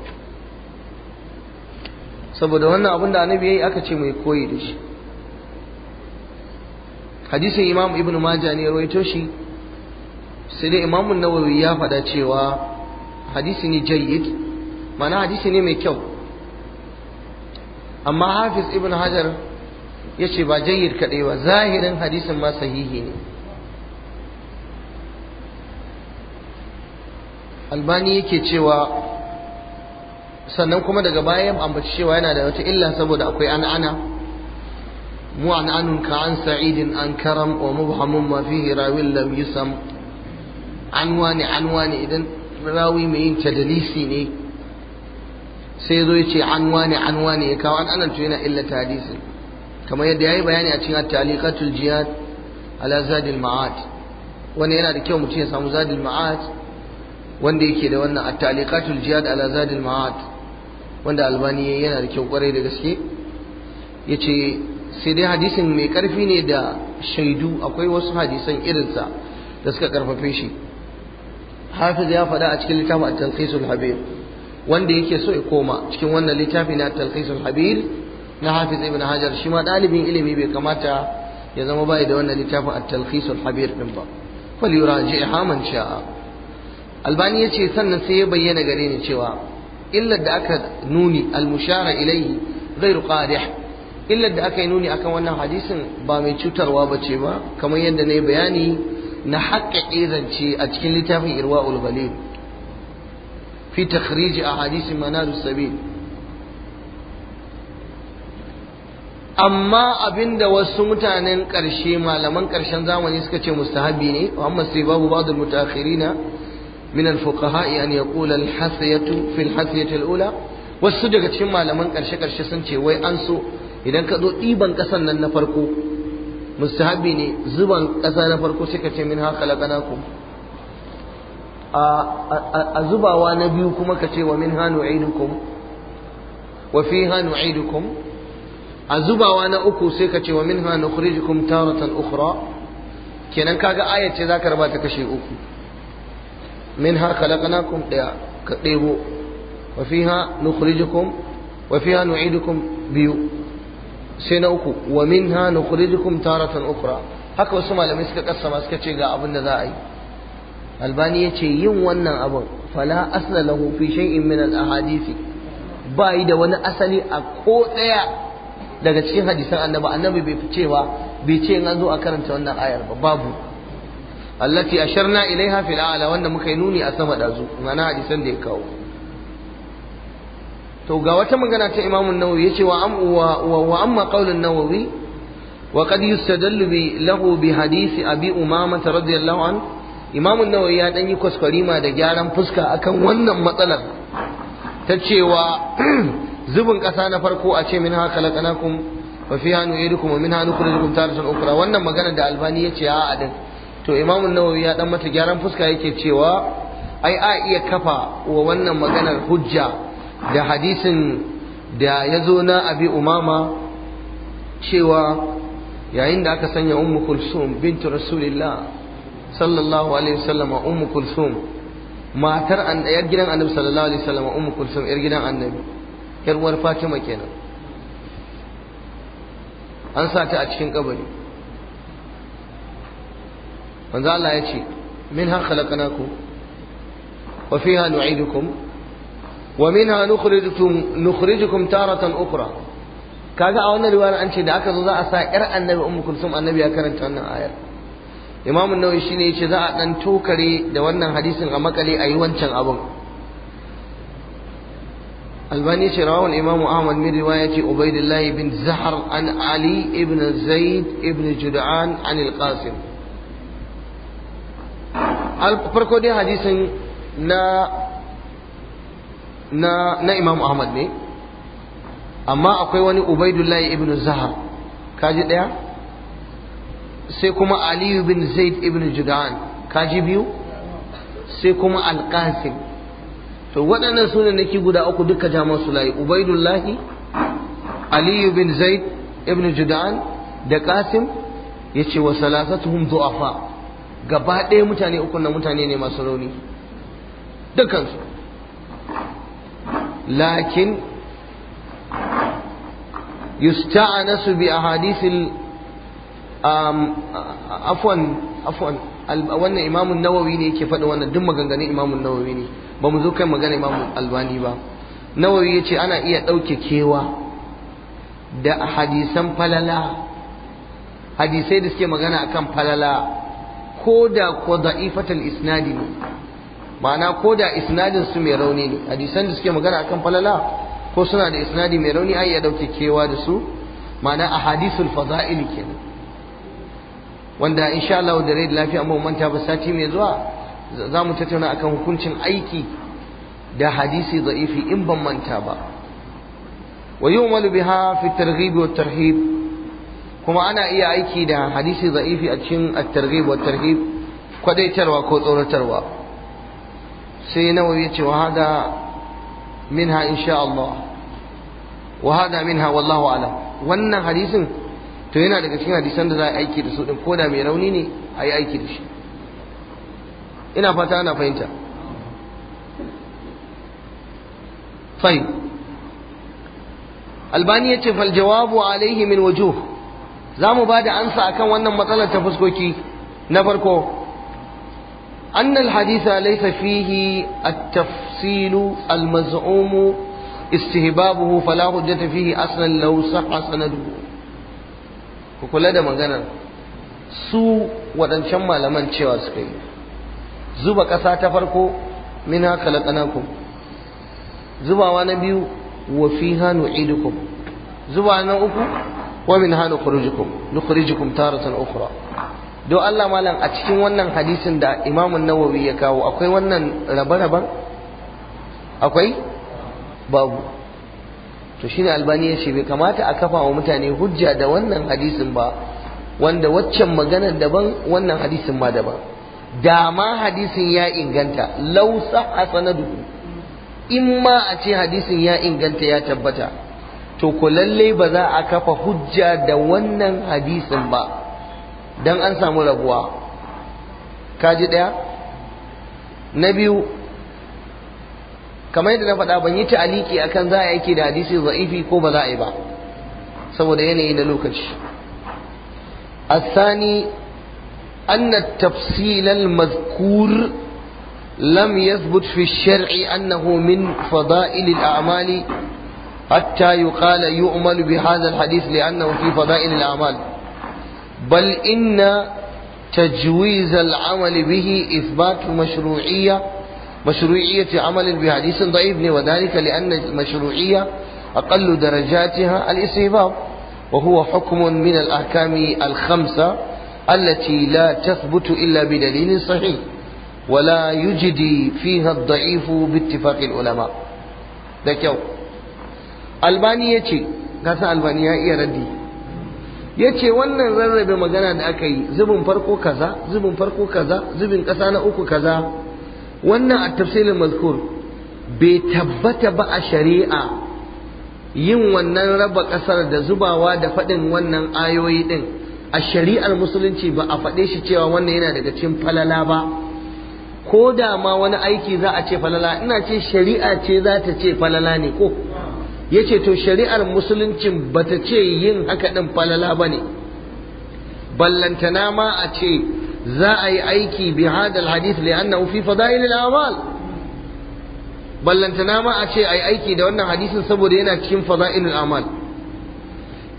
saboda wannan abin da annabi yayi aka ce mai koyi da shi hadisin imam ibn majah ne rawaito shi sai dai imam an-nawawi ya faɗa cewa hadisi ne jayyid ma'ana hadisi ne mai kyau amma hafiz ibn hajar ya ce ba jayyid kaɗai ba zahirin hadisin ma sahihi ne albani yake cewa sannan kuma daga bayan ambaci cewa yana da wata illa saboda akwai an'ana mu an'anun ka an sa'idin an karam wa mubhamun ma fihi rawin lam yusam an anwani idan rawi mai yin tadalisi ne sai zo ya ce an an anwani ya kawo an'anan to yana illa hadisin kamar yadda ya yi bayani a cikin at-taliqatul jihad ala zadil ma'ad wannan yana da kyau mutum ya samu zadil ma'ad wanda yake da wannan at-taliqatul jihad ala zadil ma'ad wanda albani yana da kyau kwarai da gaske yace sai dai hadisin mai karfi ne da shaidu akwai wasu hadisan irinsa da suka karfafe shi hafiz ya faɗa a cikin littafin at-talqisul habir wanda yake so ya koma cikin wannan littafi na talqisul habir na hafiz ibn hajar shi ma dalibin ilimi bai kamata ya zama bai da wannan littafin at-talqisul habir din ba fal yuraji'ha man sha'a albani ya ce sannan sai ya bayyana gare ni cewa illar da aka nuni almushara ilaihi zai qadih illar da aka yi nuni akan wannan hadisin ba mai cutarwa ba ce ba kamar yadda na yi bayani na haƙƙaƙe zance a cikin littafin irwa ulbali fi takhriji a hadisin manaru sabil amma abinda wasu mutanen ƙarshe malaman ƙarshen zamani suka ce mustahabi ne wa sai babu ba'dul mutakhirina من الفقهاء أن يقول الحثية في الحثية الأولى wasu daga cikin malaman ƙarshe-ƙarshe sun ce wai an so idan ka zo ɗiban ƙasan na farko mustahabi ne zuban ƙasa na farko sai ka ce min haka laƙana a zubawa na biyu kuma ka ce wa min hannu a zubawa na uku sai ka ce wa min hannu kenan kaga ayace za ka raba ta kashe uku منها خلقناكم كديبو وفيها نخرجكم وفيها نعيدكم بيو sai na uku wa minha haka wasu malamai suka kassama suka ce ga abin da za a yi albani ce yin wannan abin fala asla lahu fi shay'in min al ahadisi ba yi da wani asali a ko daya daga cikin hadisan annabi annabi bai fi cewa bai ce in an zo a karanta wannan ayar ba babu allati asharna ilaiha fil a'la wanda muka yi nuni a sama dazu mana hadisan da ya kawo to ga wata magana ta Imam an-Nawawi yace wa am amma qawl an-Nawawi wa qad yustadallu bi lahu bi hadisi abi umama radiyallahu an Imam an ya dan yi kwaskwarima da gyaran fuska akan wannan matsalar ta cewa zubin kasa na farko a ce min haka laqanakum wa fiha nu'idukum wa minha nukhrijukum taratan ukra wannan magana da Albani yace a'a din to imamu nawawi ya dan mata gyaran fuska yake cewa ai a iya kafa wa wannan maganar hujja da hadisin da ya zo na abi umama cewa yayin da aka sanya ummu kulsum bintu rasulillah sallallahu alaihi wasallam ummu kulsum matar an yar gidan annabi sallallahu alaihi wasallam ummu kulsum yar gidan annabi yar uwar fatima kenan an sa ta a cikin kabari manzo Allah ya ce minha khalaqnakum wa fiha nu'idukum wa minha nukhrijukum nukhrijukum taratan ukhra kaga a wannan riwayar an ce da aka zo za a sa yar annabi ummu kulsum annabi ya karanta wannan ayar imamu nawawi shine yace za a dan tokare da wannan hadisin a makale a yi wancan abun albani ce rawan imam ahmad min ce ubaidillah ibn zahar an ali ibn zaid ibn jud'an an al-qasim farko dai hadisin na na na Imam Ahmad ne amma akwai wani Ubaidullahi ibn zahar kaji daya sai kuma Ali ibn Zaid ibn Judan kaji biyu sai kuma al to waɗannan sunan nake guda uku duka jaman su layi Ubaidullahi Ali ibn Zaid ibn Judan da Qasim yace wa salasatuhum du'afa gaba ɗaya mutane uku na mutane ne masu rauni dukansu lakin yusta'anasu bi ahadisil um, afwan afwan wannan imamun nawawi ne yake faɗi wannan duk maganganun imamun nawawi ne ba mu zo kai magana imamun albani ba nawawi ya ce ana iya ɗauke kewa da hadisan falala hadisai da suke magana akan falala ko da ko da'ifatul isnadi ne ma'ana koda da isnadin su mai rauni ne hadisan da suke magana akan falala ko suna da isnadi mai rauni ai ya dauke kewa da su ma'ana ahadisul fada'il kenan wanda insha Allah da rai lafiya amma manta ba sati mai zuwa za mu tattauna akan hukuncin aiki da hadisi da'ifi in ban manta ba wa yu'malu biha fi targhib wa tarhib kuma ana iya aiki da hadisi za'ifi a cikin at-targhib wa tarhib kwadaitarwa ko tsoratarwa sai nawawi yace ce wa hada minha insha Allah wa hada minha wallahu alam wannan hadisin to yana daga cikin hadisan da za a aiki da su din koda mai rauni ne a yi aiki da shi ina fata ana fahimta Fai albani ya ce faljawabu alaihi min wajuh za mu ba da ansa akan wannan matsalar ta fuskoki na farko annal hadisa laysa fihi at al-maz'um istihbabuhu fala hujjata fihi aslan law sahha sanaduhu ku kula da maganar su waɗancan malaman cewa suka yi zuba ƙasa ta farko min haka zubawa na biyu wa fiha nu'idukum Zuba na uku wa min hanu khurujukum nukhrijukum taratan ukhra Do Allah malam a cikin wannan hadisin da Imam Nawawi ya kawo akwai wannan rabe-raben akwai babu to shine Albani ya ce bai kamata a kafa wa mutane hujja da wannan hadisin ba wanda waccan magana daban wannan hadisin ma daban da ma hadisin ya inganta lausa sahha sanaduhu in ma a ce hadisin ya inganta ya tabbata to ku lallai ba za a kafa hujja da wannan hadisin ba don an samu rabuwa kaji ɗaya, na biyu kamar yadda na faɗa ban yi ta'aliki akan za a yake da hadisi za'ifi ko ba za a yi ba saboda yanayi na lokaci الثاني أن التفصيل المذكور لم يثبت في الشرع أنه من فضائل الأعمال حتى يقال يؤمل بهذا الحديث لأنه في فضائل الأعمال بل إن تجويز العمل به إثبات مشروعية مشروعية عمل بحديث ضعيف وذلك لأن المشروعية أقل درجاتها الاستحباب وهو حكم من الأحكام الخمسة التي لا تثبت إلا بدليل صحيح ولا يجدي فيها الضعيف باتفاق العلماء ذكر albani ya ce gasa albani ya iya raddi ya ce wannan rarrabe magana da aka yi zubin farko kaza zubin farko kaza zubin ƙasa na uku kaza wannan a tafsirin mazkur bai tabbata ba a shari'a yin wannan raba ƙasar da zubawa da faɗin wannan ayoyi ɗin a shari'ar musulunci ba a faɗe shi cewa wannan yana daga cikin falala ba ko da ma wani aiki za a ce falala ina ce shari'a ce za ta ce falala ne ko yace to shari'ar musuluncin bata ce yin haka din falala bane ballantana ma a ce za a yi aiki bi hadal hadith li'annahu fi fada'il al-a'mal ballantana ma a ce a yi aiki da wannan hadisin saboda yana cikin fada'il al-a'mal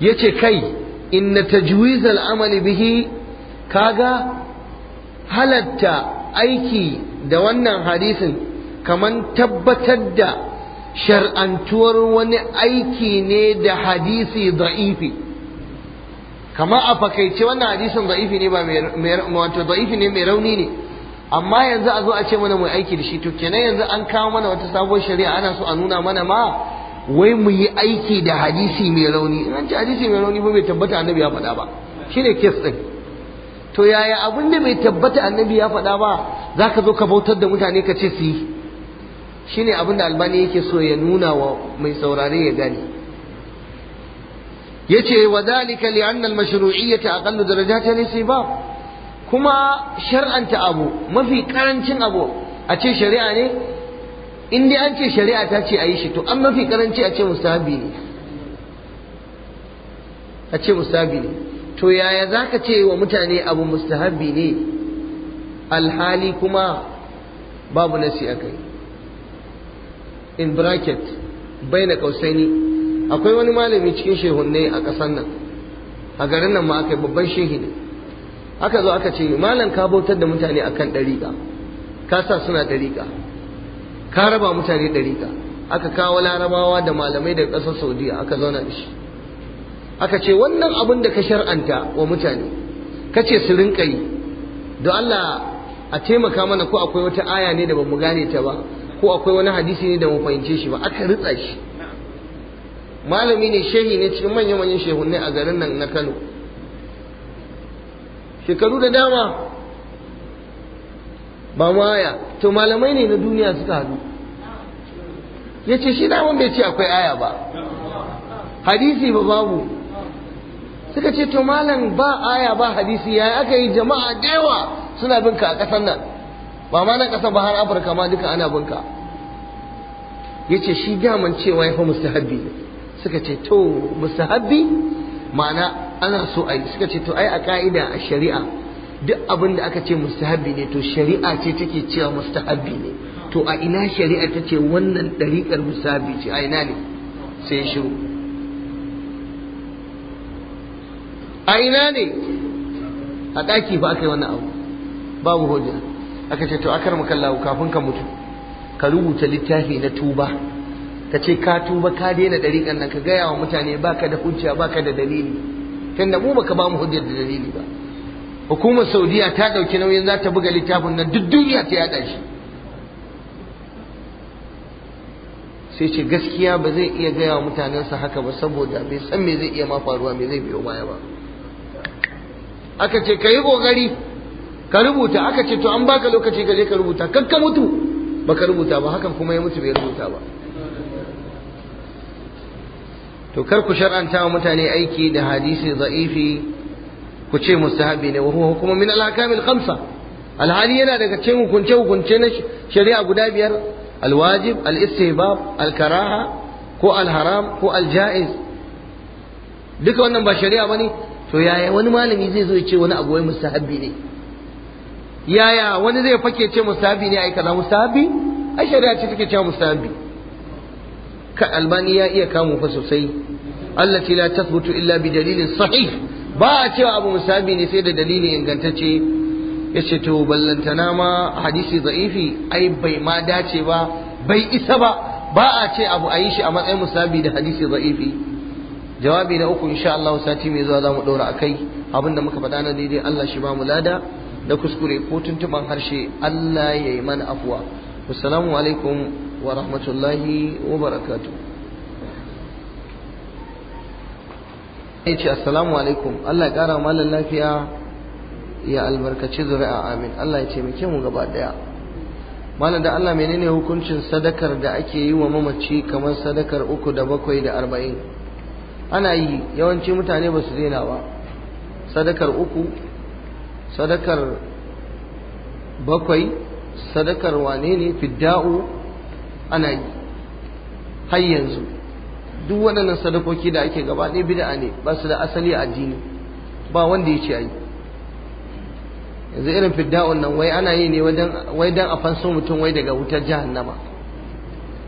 yace kai inna tajwiz al-amali bihi kaga halatta aiki da wannan hadisin kaman tabbatar da shar'antuwar wani aiki ne da hadisi da'ifi kama a fakaice wannan hadisin da'ifi ne ba wato da'ifi ne mai rauni ne amma yanzu a zo a ce mana mai aiki da shi to kenan yanzu an kawo mana wata sabuwar shari'a ana so a nuna mana ma wai mu yi aiki da hadisi mai rauni an ce hadisi mai rauni ba bai tabbata annabi ya faɗa ba shine kes din to yaya abin da bai tabbata annabi ya faɗa ba zaka zo ka bautar da mutane ka ce su yi shine abin da albani yake so ya nuna wa mai saurare ya gani Ya ce wa dhalika li anna al mashru'iyyata aqallu sai ba? kuma shar'anta abu mafi karancin abu a ce shari'a ne in dai an ce shari'a ta ce a yi shi to an mafi karanci a ce musabi ne a ce musabi ne to yaya za ka ce wa mutane abu mustahabi ne alhali kuma babu nasi a kai in bracket bai na kausaini akwai wani malami cikin shehunne a ƙasar nan a garin nan ma aka yi. babban shehi ne aka zo aka ce malam ka bautar da mutane akan ɗariƙa ka sa suna ɗariƙa ka raba mutane ɗariƙa aka kawo larabawa da malamai daga ƙasar saudiya aka zauna da shi aka ce wannan abin da ka shar'anta wa mutane ka ce su rinƙa yi don allah a taimaka mana ko akwai wata aya ne da ba mu gane ta ba ko akwai wani hadisi ne da mu fahimce shi ba aka ritsa shi malami ne shehi ne cikin manyan manyan shehunne a garin nan na Kano shekaru da dama ba maya to malamai ne na duniya suka hadu ya ce shi daman bai ce akwai aya ba hadisi ba babu suka ce to malam ba aya ba hadisi ya aka yi jama'a da yawa suna bin ka a ƙasar nan ba ma nan ba har afirka ma duka ana bunka ya ce shi daman cewa ya fa mustahabbi suka ce to mustahabbi ma'ana ana so a yi suka ce to ai a ka'ida a shari'a duk abin da aka ce mustahabbi ne to shari'a ce take cewa mustahabbi ne to a ina shari'a ta ce wannan ɗariƙar mustahabbi ce a ina ne sai shiru a ina ne a ɗaki ba aka yi wannan abu babu hujja aka ce to akar makallahu kafin ka mutu ka rubuta littafi na tuba ka ce ka tuba ka daina dariƙan nan ka gaya wa mutane baka da hujja baka da dalili tunda mu baka ba mu hujjar da dalili ba hukumar saudiya ta ɗauki nauyin za ta buga littafin nan duk duniya ta yaɗa shi sai ce gaskiya ba zai iya gaya wa mutanensa haka ba saboda bai san me zai iya ma faruwa me zai biyo baya ba aka ce ka yi ƙoƙari ka rubuta aka ce to an baka lokaci ka ka rubuta kakka mutu baka rubuta ba hakan kuma ya mutu bai rubuta ba to kar ku shar'anta wa mutane aiki da hadisi za'ifi ku ce mustahabi ne wa huwa kuma min al-akamil khamsa alhali yana daga cikin hukunce hukunce na shari'a guda biyar alwajib al-istihbab al-karaha ko al-haram ko al-ja'iz duka wannan ba shari'a bane to yaya wani malami zai zo ya ce wani abu wai mustahabi ne yaya wani zai fake ce musabi ne ai kaza musabi ai shari'a ce take cewa musabi ka albani ya iya kamu fa sosai allati la tathbutu illa bi dalilin sahih ba a cewa abu musabi ne sai da dalili ingantacce yace to ballantana ma hadisi za'ifi ai bai ma dace ba bai isa ba ba a ce abu a yi shi a matsayin musabi da hadisi za'ifi jawabi na uku insha Allah sati mai zuwa za mu daura akai abinda muka faɗa na daidai Allah shi ba mu lada na kuskure ko tuntuban harshe Allah ya yi mana afuwa assalamu alaikum wa rahmatullahi wa barakatu ya ce assalamu alaikum Allah ya ƙara malar lafiya ya albarkaci zuri'a amin Allah ya ce muke mu gaba daya malam da Allah menene hukuncin sadakar da ake yi wa mamaci kamar sadakar uku da bakwai da arba'in ana yi yawanci mutane ba su daina ba sadakar uku sadakar bakwai sadakar wane ne fidda'u ana yi har yanzu duk waɗannan sadakoki da ake gaba ɗaya bid'a ne ba su da asali a addini ba wanda ya ce a yi yanzu irin fidda'un nan wai ana yi ne wai dan a fanso mutum wai daga wutar jahannama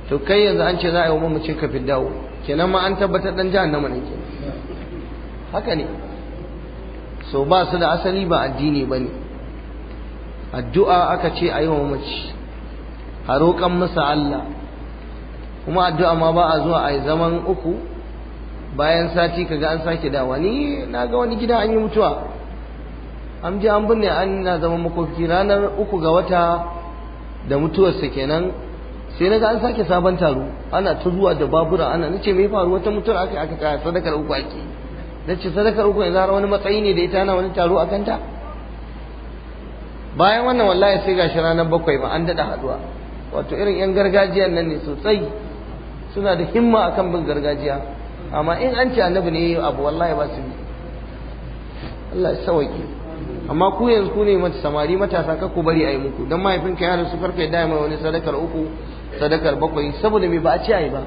to kai yanzu an ce za a yi wa mamacin ka fidda'u kenan ma an tabbatar dan jahannama ne haka ne so ba su da asali ba addini ba ne addu'a aka ce a yi wa mace, a roƙon masa Allah kuma addu'a ma ba a zuwa a zaman uku bayan sati kaga an sake da wani na ga wani gida an yi mutuwa an ji an binne an na zaman makofi ranar uku ga wata da mutuwarsa kenan sai na ga an sake sabon taro ana ta zuwa da babura ana nace me faru wata mutuwar aka aka sadakar uku ake da ce sadakar uku yanzu har wani matsayi ne da ita na wani taro a kanta bayan wannan wallahi sai gashi ranar bakwai ba an daɗa haɗuwa wato irin 'yan gargajiyan nan ne sosai suna da himma akan bin gargajiya amma in an ce annabi ne abu wallahi ba su ne. Allah ya sauke amma ku yanzu ku ne mata samari matasa ka ku bari ayi muku dan mahaifinka ya rasu farka ya dai mai wani sadakar uku sadakar bakwai saboda me ba a ce ayi ba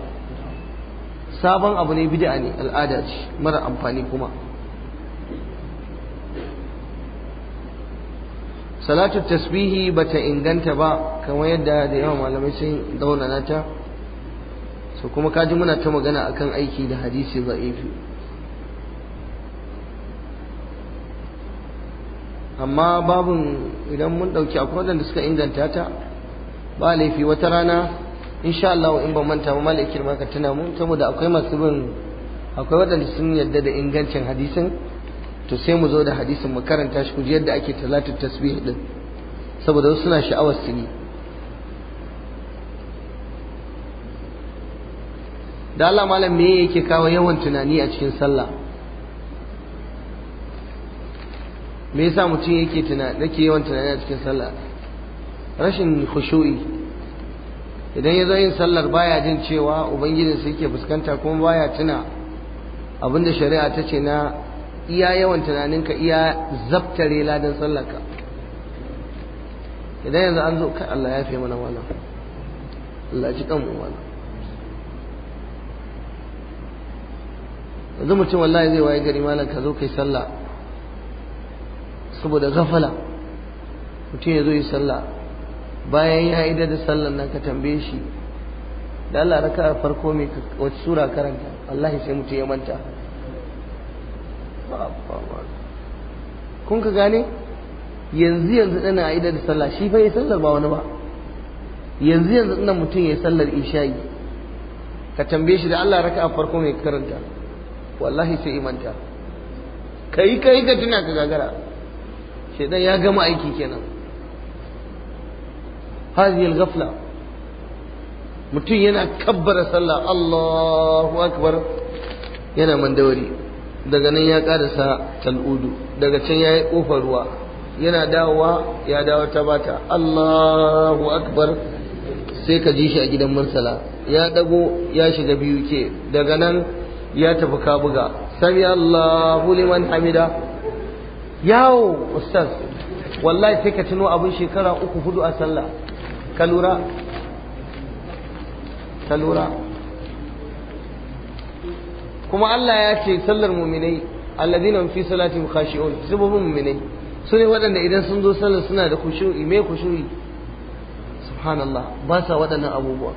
sabon abu ne bid'a ne al'ada ce mara amfani kuma salatu tasbihi bata inganta ba kamar yadda da yawan malamai sun dauna ta so kuma kaji muna ta magana akan aiki da hadisi za'ifi amma babin idan mun ɗauki akwai waɗanda suka inganta ta ba laifi wata rana insha Allah in ban manta ba malaikin ma ka tuna mun saboda akwai masu bin akwai wadanda sun yarda da ingancin hadisin to sai mu zo da hadisin mu karanta shi ku yadda ake talatul tasbih din saboda wasu suna sha'awar su ne. da Allah malam me yake kawo yawan tunani a cikin sallah me yasa mutum yake tunani yake yawan tunani a cikin sallah rashin khushu'i idan ya zo yin sallar baya jin cewa su yake fuskanta kuma baya tuna abinda shari'a ta ce na iya yawan tunaninka iya zabtare ladan sallarka idan yanzu an zo kai Allah ya fi mana wannan Allah ji kanmu wannan yanzu mutum wallahi zai waye gari malam ka zo kai sallah saboda gafala mutum ya zo yi sallah bayan ya yi da sallan nan ka tambaye shi da Allah raka farko mai wacce sura karanta wallahi sai mutum ya manta kun ka gane yanzu yanzu dana a da sallah shi fa ya sallar ba wani ba yanzu yanzu dana mutum ya sallar isha'i ka tambaye shi da Allah raka farko mai karanta wallahi sai imanta kai kai ka tuna ka gagara shedan ya gama aiki kenan هذه الغفلة mutum yana kabbara sallah Allahu ينا yana mandawari daga nan ya karasa tal'udu daga can ya yi kofar ruwa yana dawowa ya dawo ta bata Allahu akbar sai ka ji shi a gidan mursala ya dago ya shiga biyu ke daga nan ya tafi kabuga sami Allahu liman hamida yawo ustaz wallahi sai ka tuno abin shekara uku hudu a sallah Kalura kalura kuma Allah ya ce sallar muminai alladina fi salati khashi'un sababun muminai su ne waɗanda idan sun zo sallar suna da khushu'i me khushu'i subhanallah ba sa waɗannan abubuwa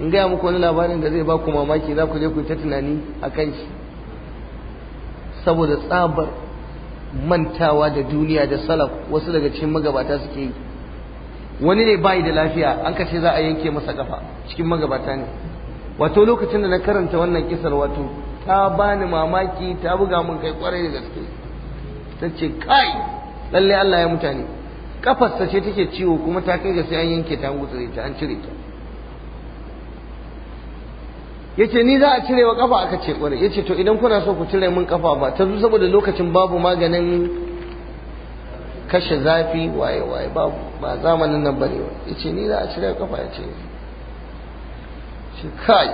in gaya muku wani labarin da zai ba ku mamaki za ku je ku ta tunani a kan shi saboda tsabar mantawa da duniya da salaf wasu daga cikin magabata suke yi wani ne bai da lafiya an kashe za a yanke masa kafa cikin magabata ne wato lokacin da na karanta wannan kisar wato ta bani mamaki ta buga mun kai kwarai da gaske ta ce kai lalle Allah ya mutane kafarsa ce take ciwo kuma ta kai ga sai an yanke ta an gutsure ta an cire ta yace ni za a cire wa kafa aka ce kwarai yace to idan kuna so ku cire min kafa ba ta zo saboda lokacin babu maganin kashe zafi waye waye ba zamanin nan bane ya ce ni za a cire kafa ya ce shi kai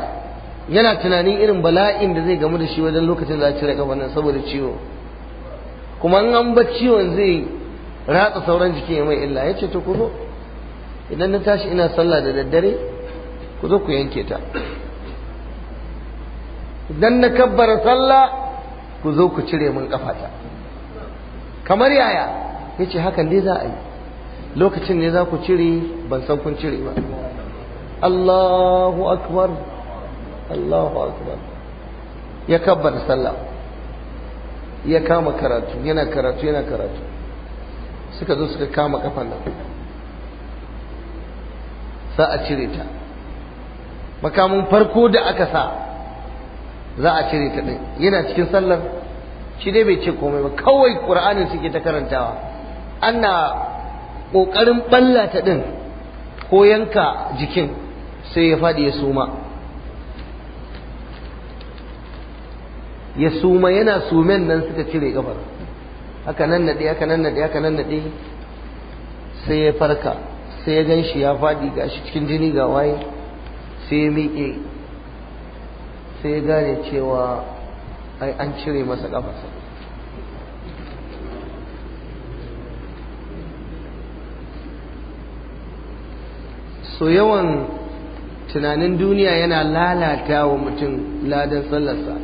yana tunanin irin bala'in da zai gamu da shi wajen lokacin za a cire kafa nan saboda ciwo kuma an ba ciwon zai ratsa sauran jiki ya mai illa ya ce to ku zo idan na tashi ina sallah da daddare ku zo ku yanke ta idan na kabbara sallah ku zo ku cire min kafata kamar yaya ya ce hakan ne za a yi lokacin ne za ku cire ban san kun cire ba Allahu akbar Allahu akbar ya kabbar sallah ya kama karatu yana karatu yana karatu suka zo suka kama kafan nan za a cire ta makamin farko da aka sa za a cire ta ɗin yana cikin sallar shi dai bai ce komai ba kawai ƙur'anin suke ta karantawa ana ƙoƙarin ɓallata ɗin ko yanka jikin sai ya faɗi ya suma ya suma yana sumen nan suka cire ƙafar haka nan naɗe haka nan naɗe haka nan naɗe sai ya farka sai ya gan shi ya faɗi ga shi cikin jini ga waye sai ya miƙe sai ya gane cewa ai an cire masa ƙafarsa so yawan tunanin duniya yana lalata wa mutum ladan sallarsa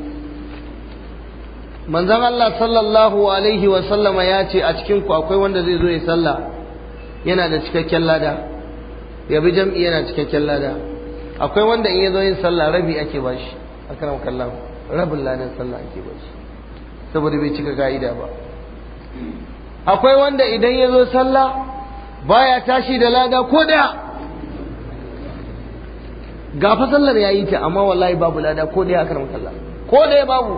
manzan Allah sallallahu alaihi wa sallama ya ce a cikin ku akwai wanda zai zo ya salla yana da cikakken lada ya bi jam'i yana cikakken lada akwai wanda in ya zo yin sallah rabi ake bashi karam kallon rabin ladan sallah ake bashi saboda bai cika ka'ida ba akwai wanda idan ya zo sallah baya tashi da lada ko da Gafa sallar ya yi ta amma wallahi babu lada ko dai akar mutalla ko dai babu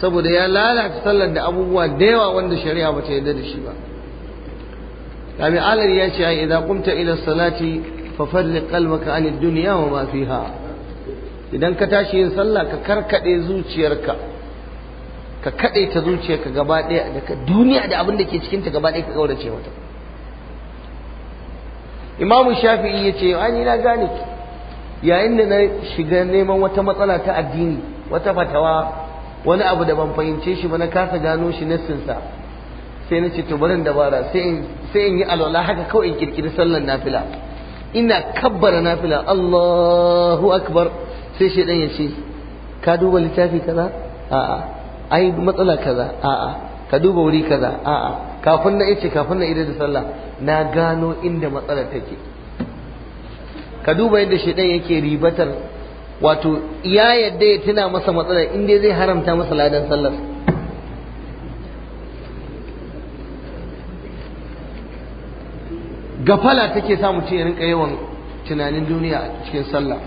saboda ya lalata sallar da abubuwa da yawa wanda shari'a ba ta yarda da shi ba kami alar ya ce ai idan kumta ila salati fa farri qalbaka an ad-dunya wa ma fiha idan ka tashi yin sallah ka karkade zuciyarka ka kadaita zuciyarka gaba daya daga duniya da abin da ke cikin ta gaba daya ka kaurace mata imamu shafi'i ya ce an na gane yayin da na shiga neman wata matsala ta addini wata fatawa wani abu da ban fahimce shi ba na kasa gano shi nassinsa sai na ce to barin dabara sai in yi alwala haka kawai in kirkiri sallar nafila ina kabbara nafila Allahu akbar sai shaidan ya ce ka duba littafi kaza a'a ai matsala kaza a'a ka duba wuri kaza a'a kafin na ice kafin na idar da sallah na gano inda matsalar take ka duba yadda shaidan yake ribatar wato ya yadda ya tuna masa matsalar inda zai haramta masa ladan sallar gafala take samu mutum ya rinka yawan tunanin duniya a cikin sallah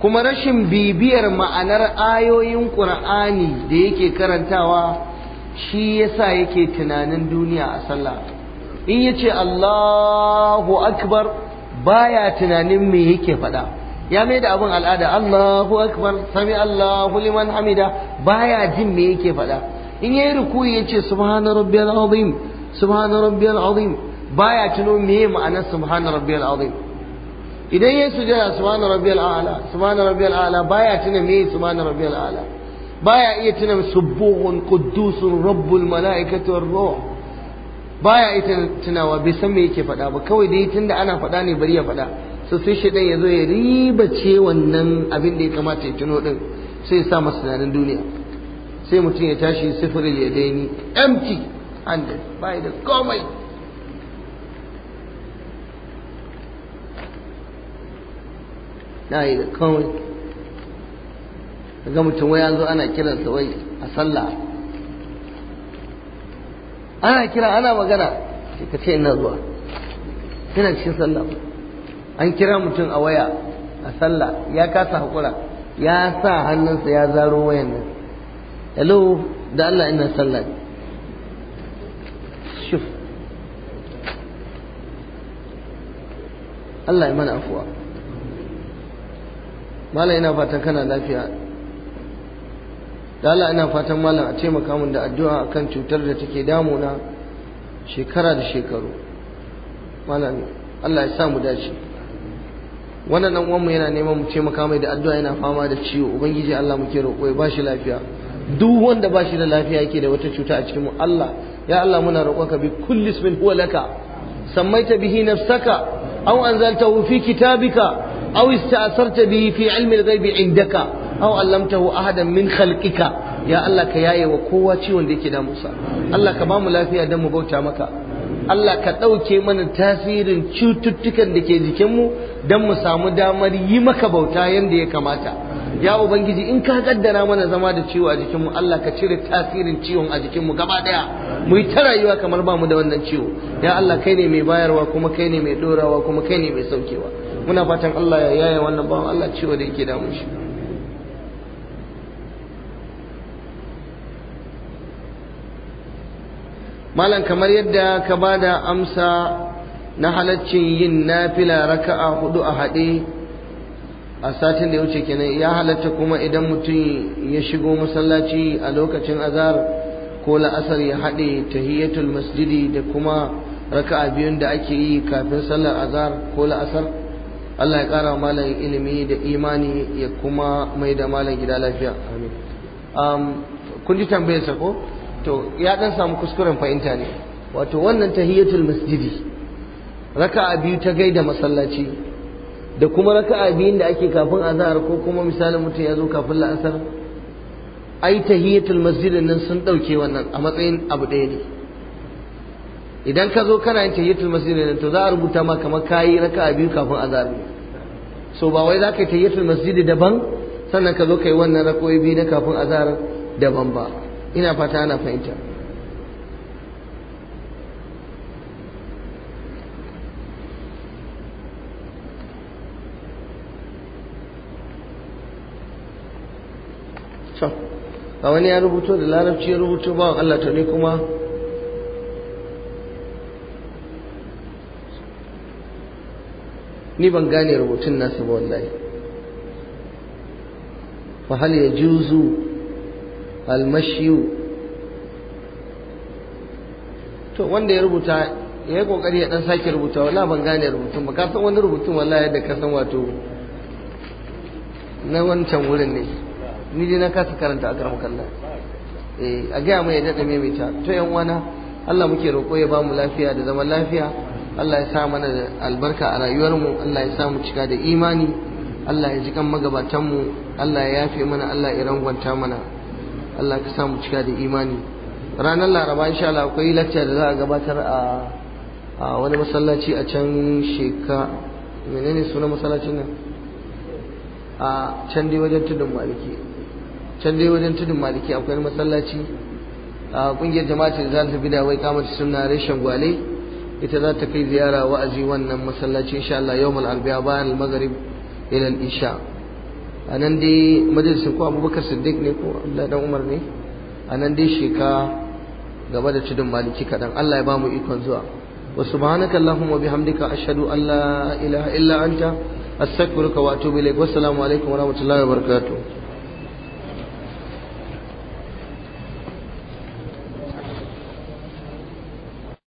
kuma rashin bibiyar ma'anar ayoyin ƙur'ani da yake karantawa shi yasa yake tunanin duniya a sallah in yace Allahu akbar baya tunanin me yake faɗa ya mai da abin al'ada Allahu akbar sami Allahu liman hamida baya jin me yake faɗa in yayi ruku'i yace subhana rabbiyal azim subhana rabbiyal azim baya tuno me ma'anar subhana rabbiyal azim idan yayi sujada subhana rabbiyal a'la subhana rabbiyal a'la baya tuna me subhana rabbiyal a'la baya iya tuna subuhun quddusun rabbul malaikati war ruh baya iya tunawa bai san me yake faɗa ba kawai dai tunda ana faɗa ne bari ya faɗa so sai shedan ya zo ya riba ce wannan abin da ya kamata ya tuno din sai ya sa masa tunanin duniya sai mutum ya tashi sifirin ya daini empty handed bai da komai na yi da komai ga mutum wai zo ana kiransa wai a sallah ana kira ana magana sai ka ce ina zuwa ina cikin sallah an kira mutum a waya a sallah ya kasa hakura ya sa hannunsa ya zaro wayan nan hello da Allah ina sallah shuf Allah ya mana afuwa mala ina fatan kana lafiya da Allah ina fatan malam a taimaka min da addu'a akan cutar da take damuna shekara da shekaru malam Allah ya sa mu dace wannan dan uwanmu yana neman mu taimaka mai da addu'a yana fama da ciwo ubangiji Allah muke roƙo ya bashi lafiya duk wanda bashi da lafiya yake da wata cuta a cikin mu Allah ya Allah muna roƙonka bi kulli ismin huwa laka sammaita bihi nafsaka aw anzaltahu fi kitabika aw ista'sarta bihi fi ilmi al-ghaibi indaka aw allamtahu ahadan min khalqika ya Allah ka yaye wa kowa ciwon da yake musa Allah ka bamu lafiya dan mu bauta maka Allah ka ɗauke mana tasirin cututtukan da ke jikinmu dan mu samu damar yi maka bauta yadda ya kamata ya ubangiji in ka kaddara mana zama da ciwo a jikinmu Allah ka cire tasirin ciwon a jikinmu gaba daya mu yi ta rayuwa kamar bamu da wannan ciwo ya Allah kai ne mai bayarwa kuma kai ne mai dorawa kuma kai ne mai saukewa muna fatan Allah ya yaye wannan bawan Allah ciwo da yake damun shi malam kamar yadda ka ba da amsa na halaccin yin nafila raka'a hudu a haɗe a satin da ya wuce kenan ya halatta kuma idan mutum ya shigo masallaci a lokacin azar ko la'asar ya haɗe tahiyatul masjidi da kuma raka'a biyun da ake yi kafin sallar azar ko la'asar Allah ya ƙara malam ilimi da imani ya kuma mai da malam gida lafiya amin kun ji tambayarsa ko to ya dan samu kuskuren fahimta ne wato wannan tahiyatul masjidi raka'a biyu ta gaida masallaci da kuma raka'a biyun da ake kafin azhar ko kuma misalin mutum ya zo kafin la'asar ai tahiyatul masjidin nan sun dauke wannan a matsayin abu daya ne idan ka zo kana yin tahiyatul masjidin nan to za a rubuta ma kamar kayi raka'a biyu kafin azhar so ba wai za ka yi tahiyatul masjidi daban sannan ka zo ka yi wannan rakoyi biyu na kafin azhar daban ba ina fata ana fahimta a wani ya rubuto da larabci ya rubuto wa Allah ta ne kuma ni ban gane rubutun nasa ba wallahi fa hal yajuzu almashiyu to wanda ya rubuta ya yi kokari ya dan sake rubuta wala ban gane rubutun ba ka san wani rubutun wallahi yadda ka san wato na wancan wurin ne ni dai na kasa karanta a karam kalla eh a gaya mai ya mai maimaita to yan wana Allah muke roƙo ya ba mu lafiya da zaman lafiya Allah ya sa mana da albarka a rayuwarmu Allah ya sa mu cika da imani Allah ya ji kan magabatanmu Allah ya yafe mana Allah ya rangwanta mana Allah ka samu cika da imani ranar laraba insha Allah akwai lacca da za a gabatar a wani masallaci a can sheka menene sunan masallacin nan a can dai wajen tudun maliki can dai wajen tudun maliki akwai wani masallaci a kungiyar jama'a da za ta bida wai kamar sunna reshen gwale ita za ta kai ziyara wa'azi wannan masallaci insha Allah yawmul arba'a bayan al-maghrib ila al-isha a nan dai majalisar ko abubakar siddiq ne ko allah dan umar ne a nan dai sheka gaba da tudun maliki kaɗan allah ya ba mu ikon zuwa wa subhanaka allahumma bihamdika ashhadu an la ilaha illa anta astaghfiruka wa atubu ilaik wassalamu alaikum wa rahmatullahi wa barakatuh